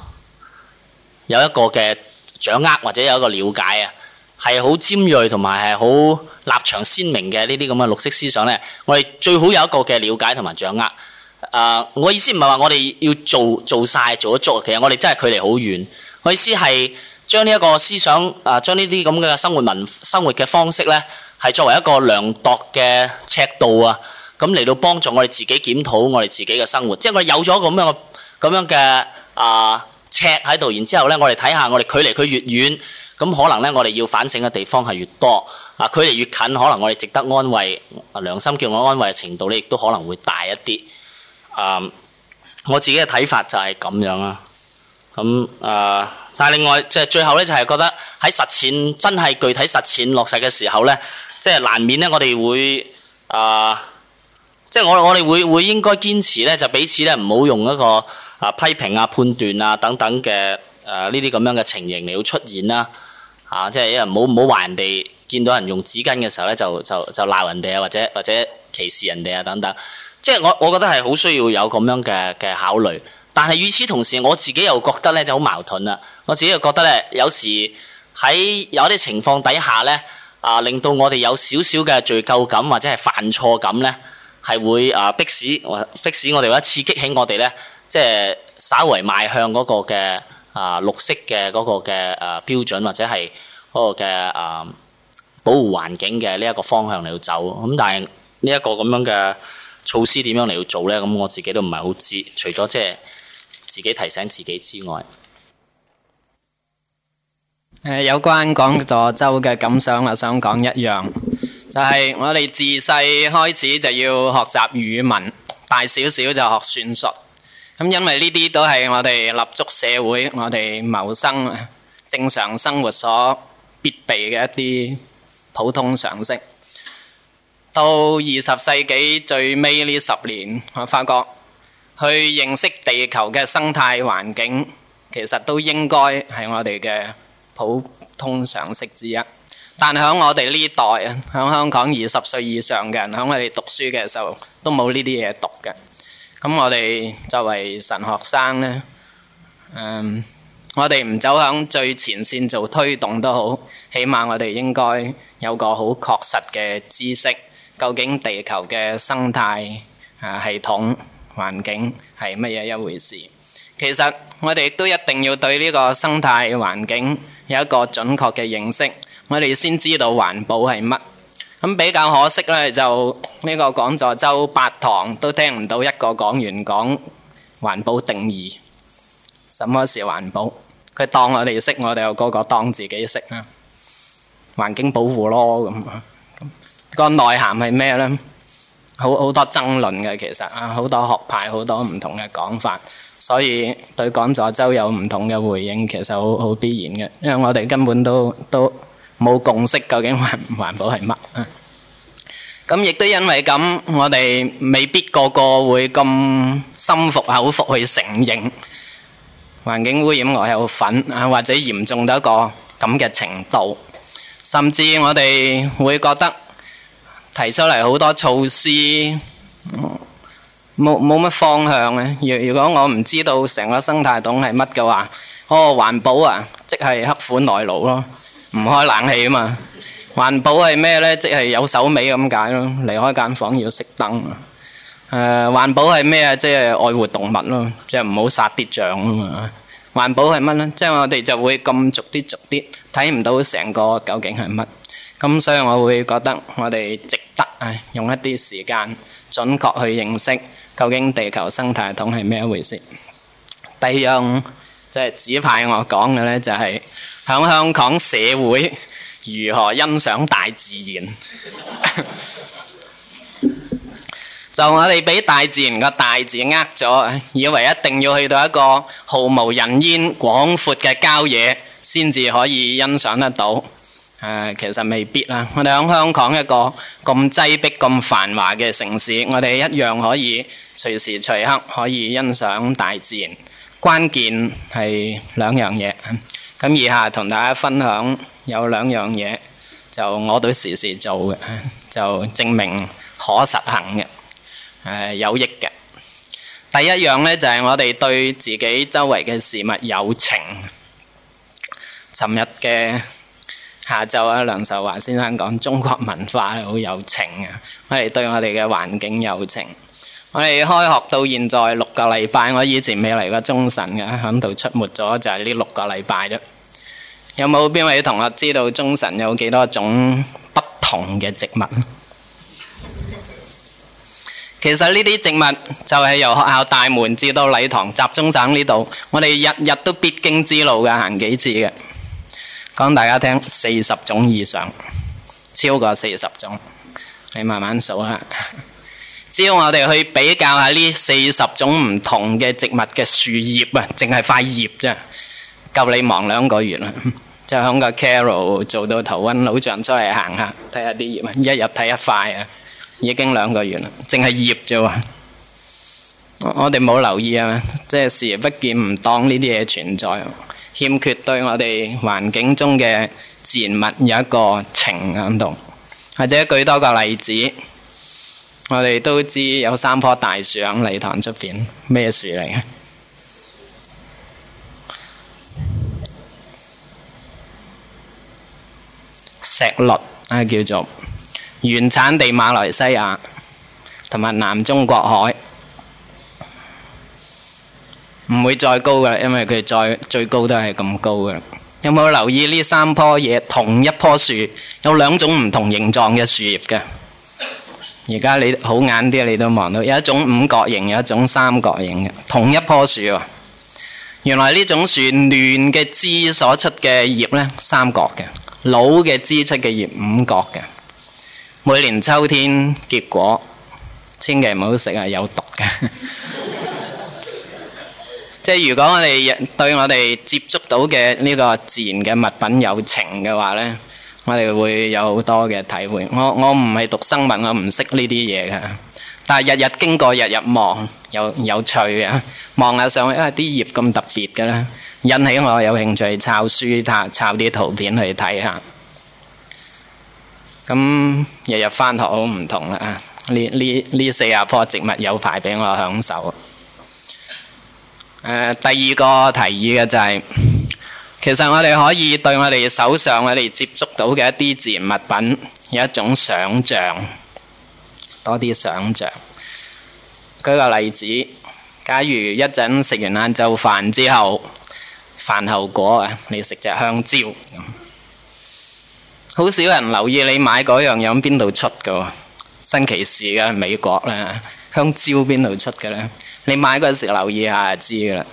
有一個嘅掌握或者有一個了解啊，係好尖鋭同埋係好立場鮮明嘅呢啲咁嘅綠色思想呢，我哋最好有一個嘅了解同埋掌握。誒、呃，我意思唔係話我哋要做做晒、做得足，其實我哋真係距離好遠。我意思係將呢一個思想啊、呃，將呢啲咁嘅生活文生活嘅方式呢。係作為一個量度嘅尺度啊，咁嚟到幫助我哋自己檢討我哋自己嘅生活，即係我哋有咗咁樣咁樣嘅啊尺喺度，然之後呢，我哋睇下我哋距離佢越遠，咁可能呢，我哋要反省嘅地方係越多啊，距離越近，可能我哋值得安慰啊良心叫我安慰嘅程度呢，亦都可能會大一啲啊、呃。我自己嘅睇法就係咁樣啦。咁啊，嗯呃、但係另外即係、就係、最後呢，就係、係、覺得喺實踐真係具體實踐落實嘅時候呢。即係難免咧，我哋會啊，即係我我哋會會應該堅持咧，就彼此咧唔好用一個啊批評啊、判斷啊等等嘅誒呢啲咁樣嘅情形嚟到出現啦，吓、啊、即係因為唔好唔好話人哋見到人用紙巾嘅時候咧，就就就鬧人哋啊，或者或者歧視人哋啊等等。即係我我覺得係好需要有咁樣嘅嘅考慮，但係與此同時，我自己又覺得咧就好矛盾啦。我自己又覺得咧，有時喺有啲情況底下咧。啊，令到我哋有少少嘅罪疚感或者係犯錯感呢係會啊逼使逼使我哋或刺激起我哋呢即係、就是、稍為邁向嗰個嘅啊綠色嘅嗰個嘅誒標準或者係嗰個嘅誒、啊、保護環境嘅呢一個方向嚟到走。咁但係呢一個咁樣嘅措施點樣嚟到做呢？咁我自己都唔係好知，除咗即係自己提醒自己之外。誒，有關講座周嘅感想，我想講一樣，就係、是、我哋自細開始就要學習語文，大少少就學算術。咁因為呢啲都係我哋立足社會、我哋謀生、正常生活所必備嘅一啲普通常識。到二十世紀最尾呢十年，我發覺去認識地球嘅生態環境，其實都應該係我哋嘅，普通常識之一，但響我哋呢代啊，響香港二十歲以上嘅人，喺我哋讀書嘅時候都冇呢啲嘢讀嘅。咁我哋作為神學生呢，嗯，我哋唔走向最前綫做推動都好，起碼我哋應該有個好確實嘅知識，究竟地球嘅生態啊，系統環境係乜嘢一回事？其實我哋都一定要對呢個生態環境有一個準確嘅認識，我哋先知道環保係乜咁。比較可惜呢，就呢個講座周八堂都聽唔到一個講員講環保定義，什麼是環保？佢當我哋識，我哋又個個當自己識啊。環境保護咯，咁啊，個內涵係咩呢？好好多爭論嘅其實啊，好多學派，好多唔同嘅講法。所以對講座周有唔同嘅回應，其實好好必然嘅，因為我哋根本都都冇共識，究竟環唔環保係乜？咁亦都因為咁，我哋未必個個會咁心服口服去承認環境污染我有份啊，或者嚴重到一個咁嘅程度，甚至我哋會覺得提出嚟好多措施。冇冇乜方向咧。如如果我唔知道成個生態洞係乜嘅話，哦，環保啊，即係刻苦耐勞咯，唔開冷氣啊嘛。環保係咩呢？即係有手尾咁解咯。離開間房要熄燈。誒，環保係咩啊？即係愛護動物咯，即係唔好殺啲象啊嘛。環保係乜呢？即係我哋就會咁逐啲逐啲睇唔到成個究竟係乜。咁所以我會覺得我哋值得啊，用一啲時間準確去認識。究竟地球生態系統係咩回事？第二樣即係指派我講嘅呢，就係響香港社會如何欣賞大自然。 就我哋俾大自然個大字呃咗，以為一定要去到一個毫無人煙、廣闊嘅郊野，先至可以欣賞得到。誒，其實未必啦。我哋喺香港一個咁擠迫、咁繁華嘅城市，我哋一樣可以隨時隨刻可以欣賞大自然。關鍵係兩樣嘢。咁以下同大家分享有兩樣嘢，就我都時時做嘅，就證明可實行嘅，誒，有益嘅。第一樣呢，就係我哋對自己周圍嘅事物有情。尋日嘅。下晝啊，梁秀華先生講中國文化係好有情啊，我哋對我哋嘅環境有情。我哋開學到現在六個禮拜，我以前未嚟過中神嘅，響度出沒咗就係呢六個禮拜啫。有冇邊位同學知道中神有幾多種不同嘅植物？其實呢啲植物就係由學校大門至到禮堂集中省呢度，我哋日日都必經之路嘅，行幾次嘅。講大家聽，四十種以上，超過四十種，你慢慢數下。只要我哋去比較下呢四十種唔同嘅植物嘅樹葉啊，淨係塊葉啫，夠你忙兩個月啦。即係響個 Carol 做到頭暈腦脹，出嚟行下睇下啲葉啊，一日睇一塊啊，已經兩個月啦，淨係葉啫喎。我哋冇留意啊，即係視而不見，唔當呢啲嘢存在。欠缺對我哋環境中嘅自然物有一個情感度，或者舉多個例子，我哋都知道有三棵大樹喺禮堂出邊，咩樹嚟嘅？石栗啊，叫做原產地馬來西亞同埋南中國海。唔會再高噶，因為佢再最高都係咁高噶。有冇留意呢三棵嘢？同一棵樹有兩種唔同形狀嘅樹葉嘅。而家你好眼啲，你都望到有一種五角形，有一種三角形嘅。同一棵樹，啊，原來呢種樹嫩嘅枝所出嘅葉呢，三角嘅，老嘅枝出嘅葉五角嘅。每年秋天結果，千祈唔好食啊，有毒嘅。 即係如果我哋對我哋接觸到嘅呢個自然嘅物品有情嘅話呢，我哋會有好多嘅體會。我我唔係讀生物，我唔識呢啲嘢嘅。但係日日經過，日日望有有趣啊！望下上去，因為啲葉咁特別嘅咧，引起我有興趣抄書、抄抄啲圖片去睇下。咁日日翻學好唔同啦啊！呢呢呢四啊棵植物有排俾我享受。呃、第二個提議嘅就係、是，其實我哋可以對我哋手上我哋接觸到嘅一啲自然物品有一種想象多啲想象舉個例子，假如一陣食完晏晝飯之後，飯後果啊，你食隻香蕉，好少人留意你買嗰樣嘢邊度出噶？新奇士嘅美國咧，香蕉邊度出嘅呢？你買嗰陣時留意下就知噶啦。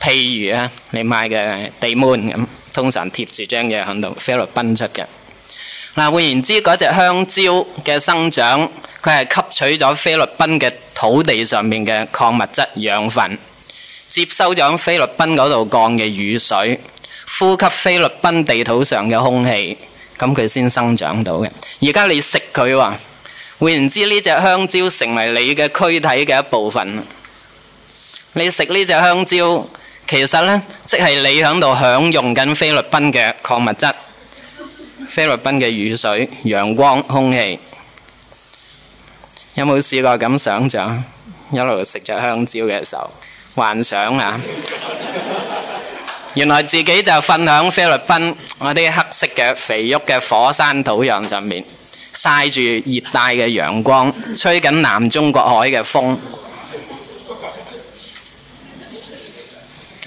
譬如啊，你買嘅地捫咁，通常貼住張嘢響度，菲律賓出嘅。嗱，換言之，嗰隻香蕉嘅生長，佢係吸取咗菲律賓嘅土地上面嘅礦物質養分，接收咗菲律賓嗰度降嘅雨水，呼吸菲律賓地土上嘅空氣，咁佢先生長到嘅。而家你食佢喎。換言之呢隻香蕉成為你嘅軀體嘅一部分？你食呢隻香蕉，其實呢，即係你響度享用緊菲律賓嘅礦物質、菲律賓嘅雨水、陽光、空氣。有冇試過咁想象？一路食着香蕉嘅時候，幻想啊， 原來自己就瞓響菲律賓我啲黑色嘅肥沃嘅火山土壤上面。曬住熱帶嘅陽光，吹緊南中國海嘅風。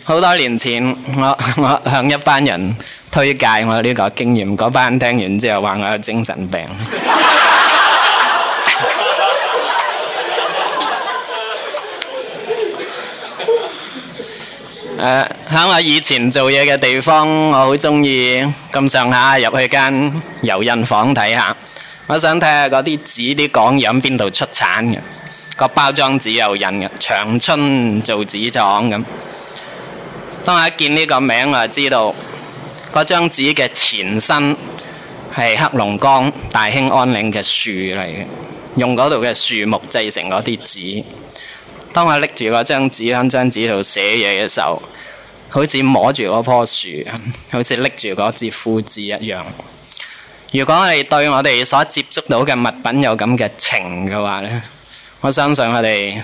好多年前，我我向一班人推介我呢個經驗，嗰班聽完之後話我有精神病。誒，喺我以前做嘢嘅地方，我好中意咁上下入去間油印房睇下。我想睇下嗰啲紙啲講義喺邊度出產嘅，個包裝紙又印嘅，長春做紙廠咁。當我一見呢個名，我就知道嗰張紙嘅前身係黑龍江大興安嶺嘅樹嚟嘅，用嗰度嘅樹木製成嗰啲紙。當我拎住嗰張紙喺張紙度寫嘢嘅時候，好似摸住嗰棵樹，好似拎住嗰支枯枝一樣。如果係對我哋所接觸到嘅物品有咁嘅情嘅話咧，我相信我哋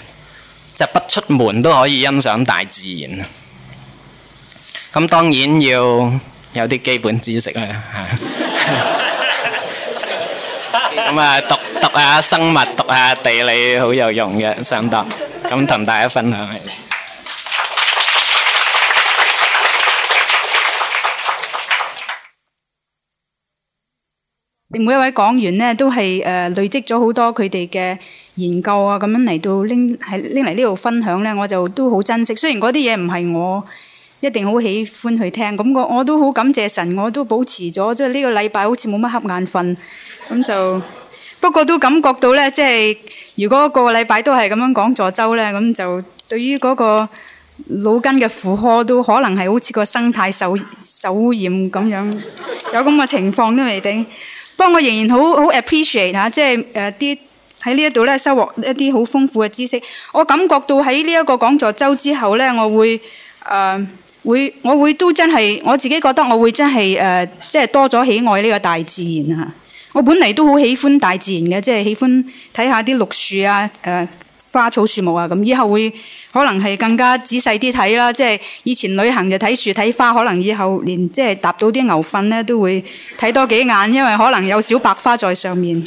即係不出門都可以欣賞大自然。咁當然要有啲基本知識咧嚇。咁啊，讀讀下生物，讀下地理好有用嘅，三讀咁同大家分享係。每一位講員咧，都係誒累積咗好多佢哋嘅研究啊，咁樣嚟到拎喺拎嚟呢度分享咧，我就都好珍惜。雖然嗰啲嘢唔係我一定好喜歡去聽。咁我我都好感謝神，我都保持咗，即係呢個禮拜好似冇乜瞌眼瞓。咁就不過都感覺到咧，即係如果個個禮拜都係咁樣講座周咧，咁就對於嗰個腦筋嘅負荷都可能係好似個生態受受污染咁樣，有咁嘅情況都未定。不過我仍然好好 appreciate 嚇，即係誒啲喺呢一度咧，收穫一啲好豐富嘅知識。我感覺到喺呢一個講座周之後咧，我會誒、呃、會我會都真係我自己覺得，我會真係誒、呃，即係多咗喜愛呢個大自然。我本嚟都好喜歡大自然嘅，即係喜歡睇下啲綠樹啊誒。呃花草樹木啊，咁以後會可能係更加仔細啲睇啦。即係以前旅行就睇樹睇花，可能以後連即係踏到啲牛糞咧，都會睇多幾眼，因為可能有小白花在上面。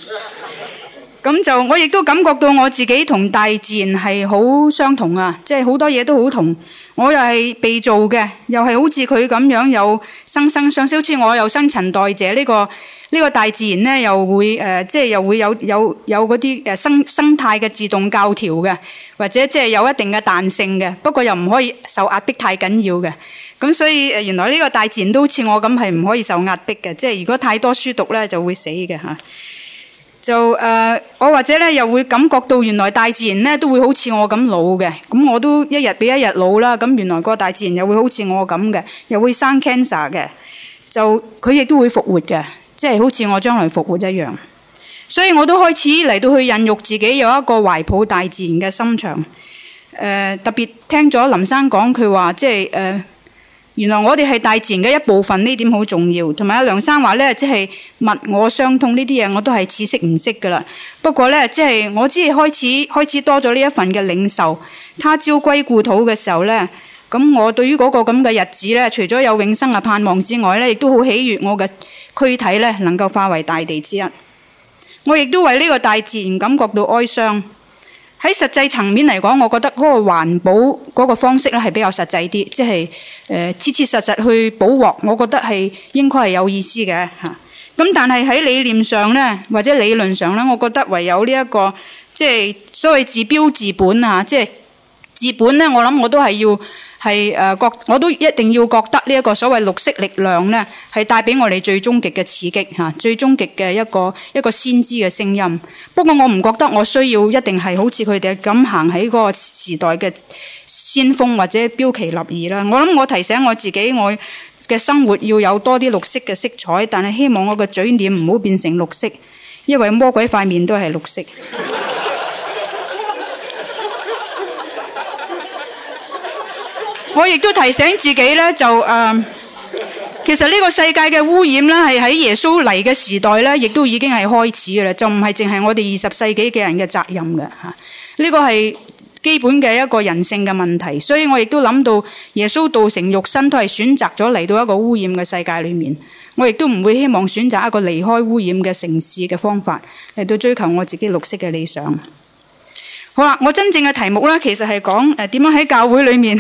咁就我亦都感覺到我自己同大自然係好相同啊！即係好多嘢都好同，我又係被造嘅，又係好似佢咁樣有生生相消，似我有新陳代謝，呢個呢個大自然咧，又會誒、呃，即係又會有有有嗰啲誒生生態嘅自動校調嘅，或者即係有一定嘅彈性嘅。不過又唔可以受壓迫太緊要嘅。咁所以誒、呃，原來呢個大自然都好似我咁，係唔可以受壓迫嘅。即係如果太多書讀咧，就會死嘅吓。啊就誒、呃，我或者咧又會感覺到原來大自然咧都會好似我咁老嘅，咁、嗯、我都一日比一日老啦。咁、嗯、原來個大自然又會好似我咁嘅，又會生 cancer 嘅，就佢亦都會復活嘅，即係好似我將來復活一樣。所以我都開始嚟到去孕育自己有一個懷抱大自然嘅心腸，誒、呃，特別聽咗林生講，佢話即係誒。呃原來我哋係大自然嘅一部分，呢點好重要。同埋阿梁生話咧，即係物我相通呢啲嘢，我都係似識唔識噶啦。不過咧，即係我只係開始開始多咗呢一份嘅領受。他朝歸故土嘅時候咧，咁我對於嗰個咁嘅日子咧，除咗有永生嘅盼望之外咧，亦都好喜悅。我嘅軀體咧，能夠化為大地之一，我亦都為呢個大自然感覺到哀傷。喺實際層面嚟講，我覺得嗰個環保嗰個方式咧係比較實際啲，即係誒、呃、切切實實去保護，我覺得係應該係有意思嘅嚇。咁、啊、但係喺理念上咧，或者理論上咧，我覺得唯有呢、這、一個即係所謂治標治本啊，即係治本咧，我諗我都係要。係誒、呃，我都一定要覺得呢一個所謂綠色力量呢，係帶俾我哋最終極嘅刺激，最終極嘅一個一個先知嘅聲音。不過我唔覺得我需要一定係好似佢哋咁行喺嗰個時代嘅先鋒或者標奇立異啦。我諗我提醒我自己，我嘅生活要有多啲綠色嘅色彩，但係希望我嘅嘴臉唔好變成綠色，因為魔鬼塊面都係綠色。 我亦都提醒自己咧，就誒、呃，其實呢個世界嘅污染咧，係喺耶穌嚟嘅時代咧，亦都已經係開始嘅啦，就唔係淨係我哋二十世紀嘅人嘅責任嘅吓。呢、呢個係基本嘅一個人性嘅問題，所以我亦都諗到耶穌道成肉身都係選擇咗嚟到一個污染嘅世界裏面，我亦都唔會希望選擇一個離開污染嘅城市嘅方法嚟到追求我自己綠色嘅理想。好啦，我真正嘅題目呢，其實係講誒點樣喺教會裏面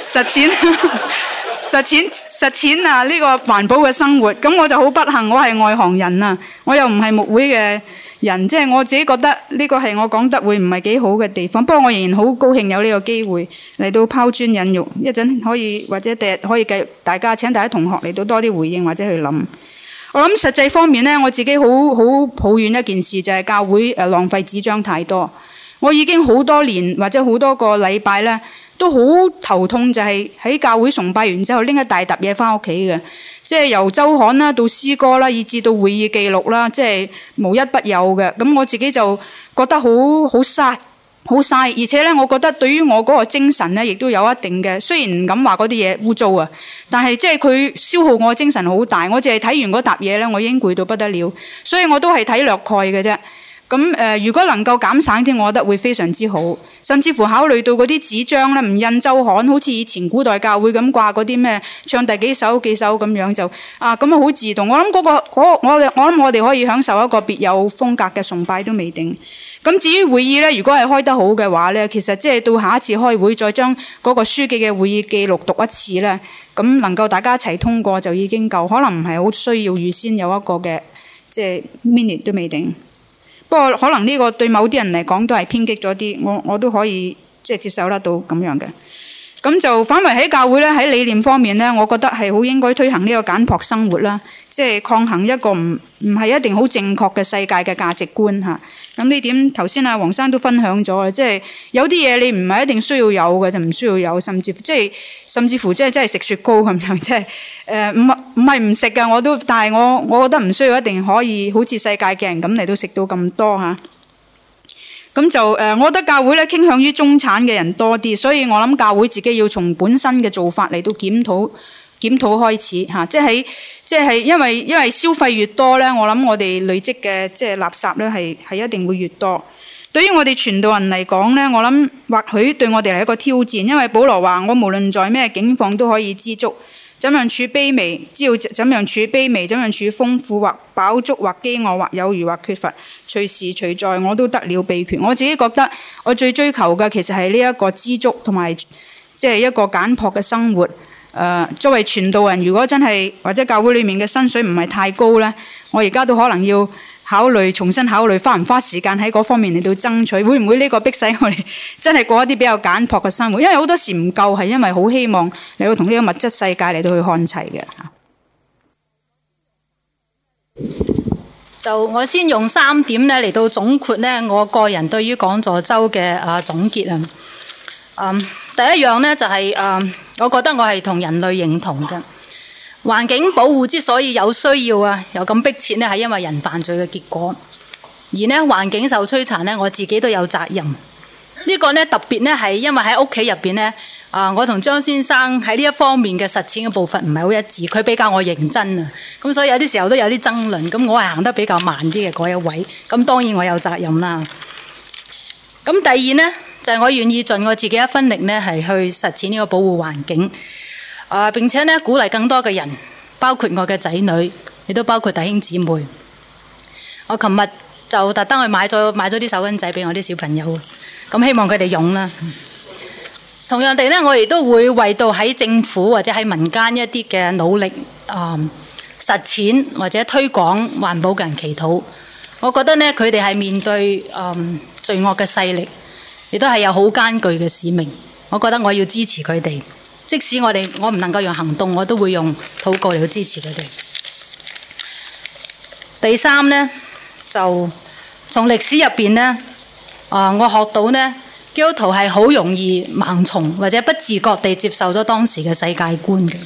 實踐 實踐實踐啊！呢個環保嘅生活，咁我就好不幸，我係外行人啊，我又唔係牧會嘅人，即係我自己覺得呢個係我講得會唔係幾好嘅地方。不過我仍然好高興有呢個機會嚟到拋磚引玉，一陣可以或者第日可以繼續大家請大家同學嚟到多啲回應或者去諗。我諗實際方面呢，我自己好好抱怨一件事，就係教會誒浪費紙張太多。我已經好多年或者好多個禮拜咧，都好頭痛，就係喺教會崇拜完之後拎一大沓嘢翻屋企嘅，即係由周刊啦到詩歌啦，以至到會議記錄啦，即係無一不有嘅。咁我自己就覺得好好嘥，好嘥。而且咧，我覺得對於我嗰個精神咧，亦都有一定嘅。雖然唔敢話嗰啲嘢污糟啊，但係即係佢消耗我精神好大。我淨係睇完嗰沓嘢咧，我已經攰到不得了，所以我都係睇略概嘅啫。咁誒，如果能夠減省啲，我覺得會非常之好。甚至乎考慮到嗰啲紙張咧，唔印周刊，好似以前古代教會咁掛，嗰啲咩唱第幾首幾首咁樣就啊，咁啊好自動。我諗嗰、嗰個、我我諗我哋可以享受一個別有風格嘅崇拜都未定。咁至於會議咧，如果係開得好嘅話咧，其實即係到下一次開會再將嗰個書記嘅會議記錄讀一次咧，咁能夠大家一齊通過就已經夠，可能唔係好需要預先有一個嘅即係 minute 都未定。不過，可能呢個對某啲人嚟講都係偏激咗啲，我我都可以即係接受得到咁樣嘅。咁就反為喺教會咧，喺理念方面咧，我覺得係好應該推行呢個簡朴生活啦，即係抗衡一個唔唔係一定好正確嘅世界嘅價值觀嚇。咁呢點頭先啊，黃生都分享咗啦，即係有啲嘢你唔係一定需要有嘅，就唔需要有，甚至即係甚至乎即係即係食雪糕咁樣，即係誒唔唔係唔食㗎，我都，但係我我覺得唔需要一定可以好似世界嘅人咁嚟到食到咁多嚇。咁就誒，我覺得教會咧傾向於中產嘅人多啲，所以我諗教會自己要從本身嘅做法嚟到檢討檢討開始，啊、即係即係因為因為消費越多咧，我諗我哋累積嘅即係垃圾咧係係一定會越多。對於我哋傳道人嚟講咧，我諗或許對我哋係一個挑戰，因為保羅話：我無論在咩境況都可以知足。怎樣處卑微？只要怎樣處卑微，怎樣處豐富或飽足或飢餓或有餘或缺乏，隨時隨在我都得了秘訣。我自己覺得我最追求嘅其實係呢一個知足同埋即係一個簡樸嘅生活。誒、呃，作為傳道人，如果真係或者教會裏面嘅薪水唔係太高咧，我而家都可能要。考慮，重新考慮花唔花時間喺嗰方面嚟到爭取，會唔會呢個逼使我哋真係過一啲比較簡樸嘅生活？因為好多時唔夠係因為好希望你會同呢個物質世界嚟到去看齊嘅。就我先用三點呢嚟到總括呢，我個人對於講座周嘅啊總結啊，嗯，第一樣呢，就係，就係嗯，我覺得我係同人類認同嘅。環境保護之所以有需要啊，又咁迫切呢，係因為人犯罪嘅結果。而呢環境受摧殘呢，我自己都有責任。這個、呢個呢特別呢係因為喺屋企入邊呢，啊我同張先生喺呢一方面嘅實踐嘅部分唔係好一致，佢比較我認真啊，咁所以有啲時候都有啲爭論。咁我係行得比較慢啲嘅嗰一位，咁當然我有責任啦。咁第二呢，就係、是、我願意盡我自己一分力呢，係去實踐呢個保護環境。啊，並且咧鼓勵更多嘅人，包括我嘅仔女，亦都包括弟兄姊妹。我琴日就特登去買咗買咗啲手巾仔俾我啲小朋友，咁希望佢哋用啦，嗯。同樣地呢，我亦都會為到喺政府或者喺民間一啲嘅努力啊、嗯、實踐或者推廣環保嘅人祈禱。我覺得呢，佢哋係面對、嗯、罪惡嘅勢力，亦都係有好艱巨嘅使命。我覺得我要支持佢哋。即使我哋我唔能夠用行動，我都會用禱告嚟去支持佢哋。第三呢，就從歷史入邊呢，啊，我學到呢基督徒係好容易盲從或者不自覺地接受咗當時嘅世界觀嘅。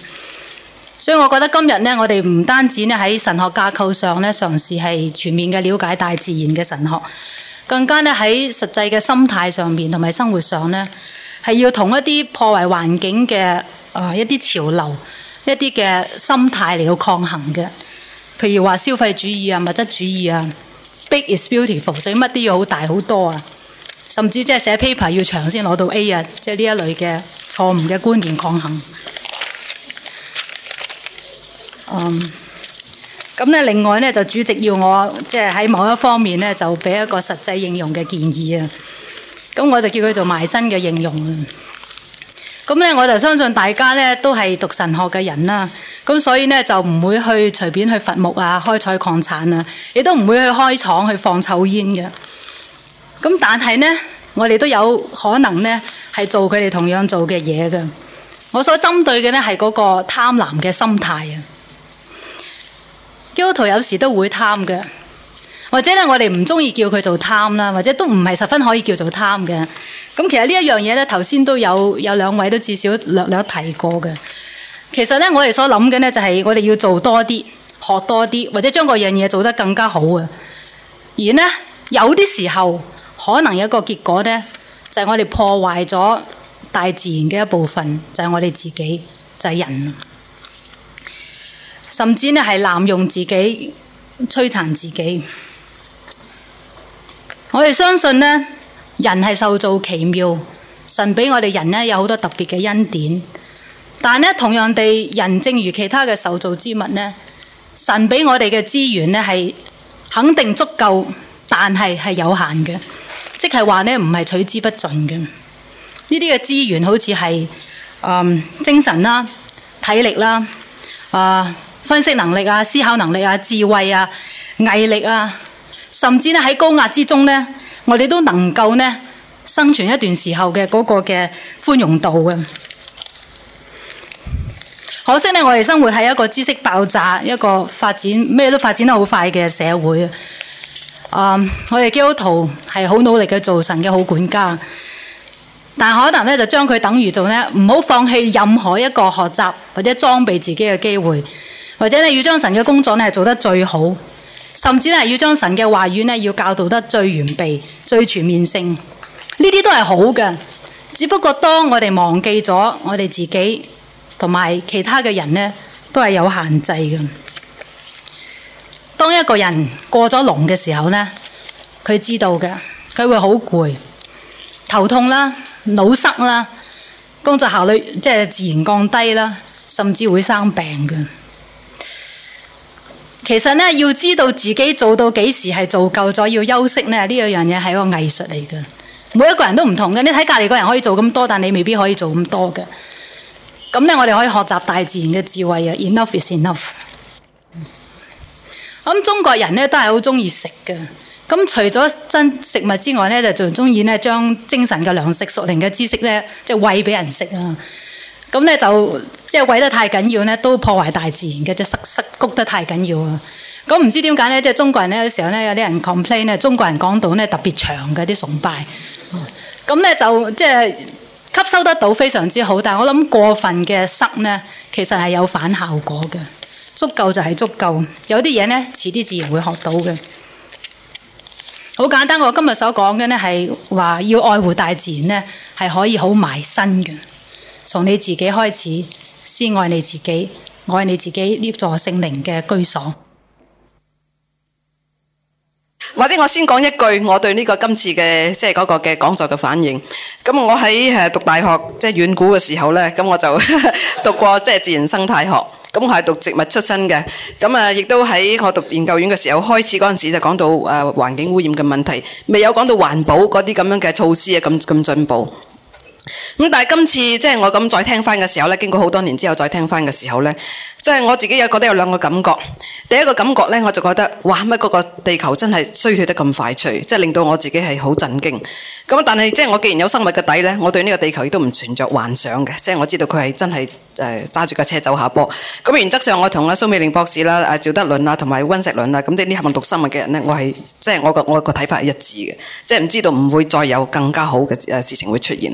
所以我覺得今日呢，我哋唔單止呢喺神學架構上呢嘗試係全面嘅了解大自然嘅神學，更加呢喺實際嘅心態上面同埋生活上呢。係要同一啲破壞環境嘅啊、呃、一啲潮流、一啲嘅心態嚟到抗衡嘅，譬如話消費主義啊、物質主義啊，big is beautiful，所以乜都要好大好多啊，甚至即係寫 paper 要長先攞到 A 啊，即係呢一類嘅錯誤嘅觀念抗衡。嗯，咁呢，另外呢，就主席要我即係喺某一方面呢，就俾一個實際應用嘅建議啊。咁我就叫佢做埋身嘅應用啊！咁呢，我就相信大家呢都係讀神學嘅人啦。咁所以呢，就唔會去隨便去伐木啊、開採礦產啊，亦都唔會去開廠去放臭煙嘅。咁但係呢，我哋都有可能呢係做佢哋同樣做嘅嘢嘅。我所針對嘅呢係嗰個貪婪嘅心態啊。基督徒有時都會貪嘅。或者咧，我哋唔中意叫佢做貪啦，或者都唔係十分可以叫做貪嘅。咁其實呢一樣嘢呢，頭先都有有兩位都至少略略提過嘅。其實呢，我哋所諗嘅呢，就係我哋要做多啲，學多啲，或者將個樣嘢做得更加好啊。而呢，有啲時候可能有一個結果呢，就係我哋破壞咗大自然嘅一部分，就係我哋自己，就係人，甚至呢，係濫用自己，摧殘自己。我哋相信呢，人係受造奇妙，神俾我哋人呢，有好多特別嘅恩典。但呢同樣地，人正如其他嘅受造之物呢，神俾我哋嘅資源呢，係肯定足夠，但係係有限嘅，即係話呢，唔係取之不盡嘅。呢啲嘅資源好似係、呃、精神啦、體力啦、啊、呃、分析能力啊、思考能力啊、智慧啊、毅力啊。甚至咧喺高壓之中呢，我哋都能夠呢生存一段時候嘅嗰個嘅寬容度。可惜呢，我哋生活喺一個知識爆炸、一個發展咩都發展得好快嘅社會啊。Um, 我哋基督徒係好努力嘅做神嘅好管家，但可能呢就將佢等於做呢唔好放棄任何一個學習或者裝備自己嘅機會，或者呢要將神嘅工作呢做得最好。甚至係要將神嘅話語要教導得最完備、最全面性，呢啲都係好嘅。只不過當我哋忘記咗我哋自己同埋其他嘅人呢，都係有限制嘅。當一個人過咗龍嘅時候呢，佢知道嘅，佢會好攰、頭痛啦、腦塞啦、工作效率即係自然降低啦，甚至會生病嘅。其實咧要知道自己做到幾時係做夠咗要休息呢。呢樣嘢係一個藝術嚟嘅，每一個人都唔同嘅。你睇隔籬個人可以做咁多，但你未必可以做咁多嘅。咁咧我哋可以學習大自然嘅智慧啊，enough is enough。咁中國人咧都係好中意食嘅。咁除咗真食物之外咧，就仲中意咧將精神嘅糧食、屬靈嘅知識咧，即係喂俾人食啊。咁咧就即係毀得太緊要咧，都破壞大自然嘅，即係塞塞谷得太緊要啊！咁唔知點解咧，即係中國人咧，有時候咧，有啲人 complain 咧，中國人講到咧特別長嘅啲崇拜。咁咧，嗯，就即係吸收得到非常之好，但係我諗過分嘅塞咧，其實係有反效果嘅。足夠就係足夠，有啲嘢咧，遲啲自然會學到嘅。好簡單，我今日所講嘅咧係話要愛護大自然咧，係可以好埋身嘅。從你自己開始，先愛你自己，愛你自己呢座聖靈嘅居所。或者我先講一句我對呢個今次嘅即係嗰個嘅講座嘅反應。咁我喺、誒、啊、讀大學即係遠古嘅時候呢，咁我就呵呵讀過即係、就是、自然生態學。咁我係讀植物出身嘅，咁啊亦都喺我讀研究院嘅時候開始嗰陣時候就講到誒環、啊、境污染嘅問題，未有講到環保嗰啲咁樣嘅措施啊，咁咁進步。咁但係今次，即係我咁再聽翻嘅時候呢，經過好多年之後再聽翻嘅時候呢，即係我自己有覺得有兩個感覺。第一個感覺呢，我就覺得，哇，乜嗰個地球真係衰退得咁快脆，即係令到我自己係好震驚。咁但係，即係我既然有生物嘅底呢，我對呢個地球亦都唔存着幻想嘅，即係我知道佢係真係。誒揸住架車走下坡，咁原則上我同阿蘇美玲博士啦、阿趙德倫啦、同埋温石倫啦，咁即係呢啲係咪讀生物嘅人呢，我係即係我個我個睇法一致嘅，即係唔知道唔會再有更加好嘅事情會出現。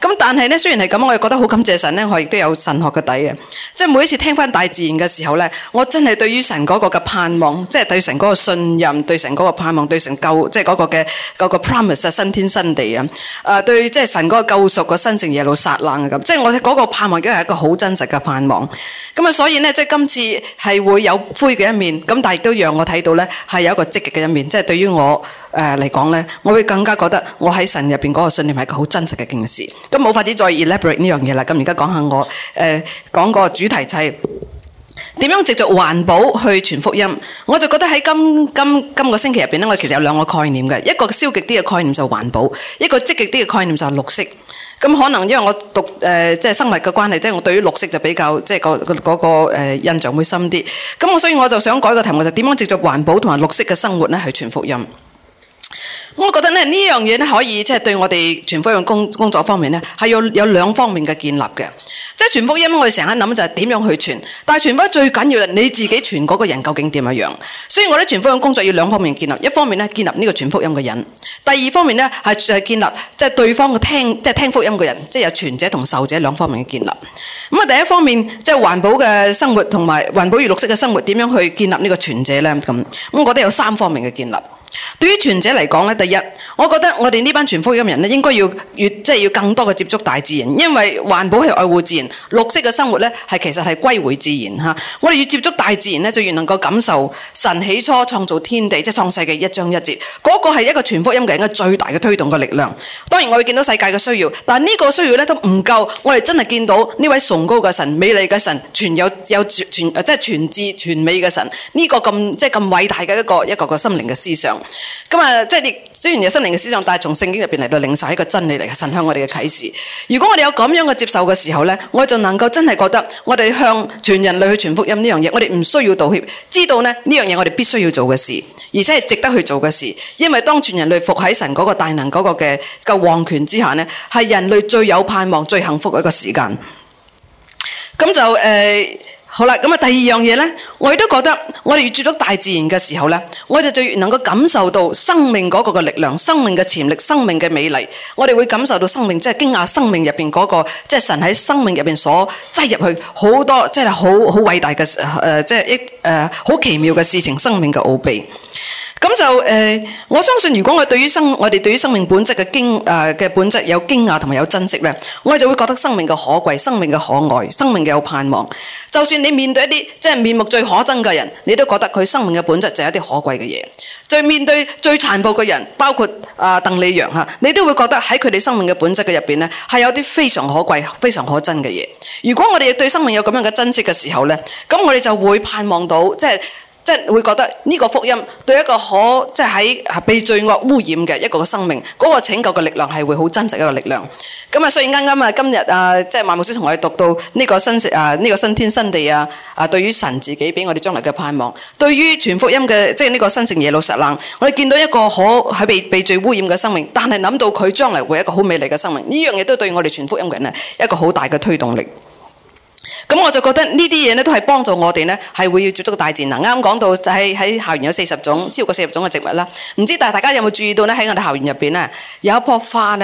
咁但係呢，雖然係咁，我亦覺得好感謝神呢，我亦都有神學嘅底嘅。即係每一次聽翻大自然嘅時候呢，我真係對於神嗰個嘅盼望，即係對神嗰個信任、對神嗰個盼望、對神救，即係嗰個嘅嗰個 promise 啊，新天新地啊！誒，對即係神嗰個救贖個新城耶路撒冷啊咁，即係我嗰個盼望已經係一個好。真實嘅盼望，咁啊，所以呢，即係今次係會有灰嘅一面，咁但係都讓我睇到呢，係有一個積極嘅一面，即係對於我誒嚟講呢，我會更加覺得我喺神入邊嗰個信念係一個好真實嘅警示。咁冇法子再 elaborate 呢樣嘢啦。咁而家講下我誒、呃、講個主題係、就、點、是、樣，直接環保去傳福音。我就覺得喺今今今個星期入邊呢，我其實有兩個概念嘅，一個消極啲嘅概念就環保，一個積極啲嘅概念就係綠色。咁可能因為我讀誒即係生物嘅關係，即係我對於綠色就比較即係嗰個誒印象會深啲。咁我所以我就想改個題目，就點樣製造環保同埋綠色嘅生活呢？係全福音。我覺得咧呢樣嘢咧可以即係、就是、對我哋傳福音工工作方面咧係有有兩方面嘅建立嘅，即係傳福音我哋成日諗就係點樣去傳，但係傳福音最緊要你自己傳嗰個人究竟點樣樣，所以我覺得咧傳福音工作要兩方面建立，一方面咧建立呢個傳福音嘅人，第二方面咧係係建立即係、就是、對方嘅聽即係、就是、聽福音嘅人，即、就、係、是、有傳者同受者兩方面嘅建立。咁啊，第一方面即係環保嘅生活，同埋環保與綠色嘅生活，點樣去建立呢個全者咧？咁，我覺得有三方面嘅建立。對於全者嚟講咧，第一，我覺得我哋呢班全福音人咧，應該要越即係要更多嘅接觸大自然，因為環保係愛護自然，綠色嘅生活咧係其實係歸回自然吓。我哋越接觸大自然咧，就越能夠感受神起初創造天地即係、就是、創世記一章一節，嗰個係一個全福音嘅人嘅最大嘅推動嘅力量。當然我會見到世界嘅需要，但係呢個需要咧都唔夠，我哋真係見到呢位崇高嘅神，美麗嘅神，全有有全即係全，全，全智全美嘅神，呢個咁即係咁偉大嘅一個一個個心靈嘅思想。咁啊，即係你雖然有心靈嘅思想，但係從聖經入邊嚟到領受一個真理嚟嘅神向我哋嘅啟示。如果我哋有咁樣嘅接受嘅時候呢，我就能夠真係覺得我哋向全人類去傳福音呢樣嘢，我哋唔需要道歉，知道呢呢樣嘢我哋必須要做嘅事，而且係值得去做嘅事。因為當全人類服喺神嗰個大能嗰個嘅嘅王權之下呢，係人類最有盼望、最幸福嘅一個時間。咁就誒、嗯，好啦，咁啊，第二樣嘢呢，我亦都覺得，我哋越住到大自然嘅時候呢，我哋就越能夠感受到生命嗰個嘅力量、生命嘅潛力、生命嘅美麗。我哋會感受到生命，即係驚訝生命入邊嗰個，即係神喺生命入邊所擠入去好多，即係好好偉大嘅誒，即係一誒，好奇妙嘅事情，生命嘅奧秘。咁就誒、呃，我相信如果我對於生我哋對於生命本質嘅驚誒嘅本質有驚訝同埋有珍惜呢，我哋就會覺得生命嘅可貴、生命嘅可愛、生命嘅有盼望。就算你面對一啲即係面目最可憎嘅人，你都覺得佢生命嘅本質就係一啲可貴嘅嘢。就面對最殘暴嘅人，包括啊、呃、鄧麗陽吓，你都會覺得喺佢哋生命嘅本質嘅入邊呢，係有啲非常可貴、非常可真嘅嘢。如果我哋對生命有咁樣嘅珍惜嘅時候呢，咁我哋就會盼望到即係。就是即係會覺得呢個福音對一個可即係喺被罪惡污染嘅一個生命，嗰個拯救嘅力量係會好真實一個力量。咁啊，所以啱啱啊今日啊，即係馬牧師同我哋讀到呢個新城啊，呢個新天新地啊，啊對於神自己俾我哋將來嘅盼望，對於全福音嘅即係呢個新聖耶路撒冷，我哋見到一個可喺被被罪污染嘅生命，但係諗到佢將來會一個好美麗嘅生命，呢樣嘢都對我哋全福音嘅人啊一個好大嘅推動力。噉我就覺得呢啲嘢咧都是幫助我哋咧，係會要接觸大自然。啱剛講剛到喺校園有四十種，超過四十種嘅植物啦。唔知道大家有冇有注意到在喺我哋校園入面，有一棵花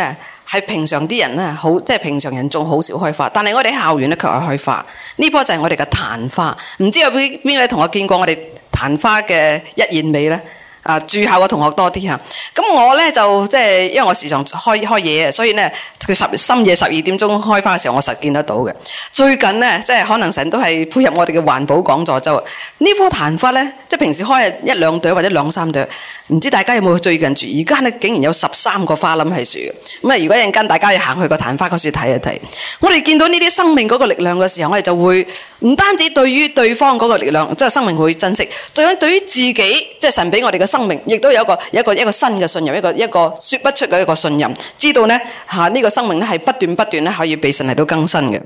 是平常啲人咧，即係平常人仲好少開花，但是我哋校園咧卻係開花。呢棵就是我哋嘅曇花。唔知道有邊邊位同學見過我哋曇花嘅一現美呢？啊，住校嘅同學多啲吓，咁、啊、我呢，就即係因為我時常開開夜，所以呢，佢深夜十二點鐘開花嘅時候，我實見得到嘅。最近呢，即係可能神都係配合我哋嘅環保講座周，周呢棵曇花呢，即係平時開一兩朵或者兩三朵，唔知道大家有冇最近住？而家呢，竟然有十三個花冧喺樹，咁啊！如果一陣間大家要行去個曇花嗰樹睇一睇，我哋見到呢啲生命嗰個力量嘅時候，我哋就會唔單止對於對方嗰個力量，即係生命會珍惜，對對於自己，即係神俾我哋嘅生命亦都有一個有一個一個新嘅信任，一個一個說不出嘅一個信任，知道咧吓呢個生命咧係不斷不斷咧可以被神嚟到更新嘅。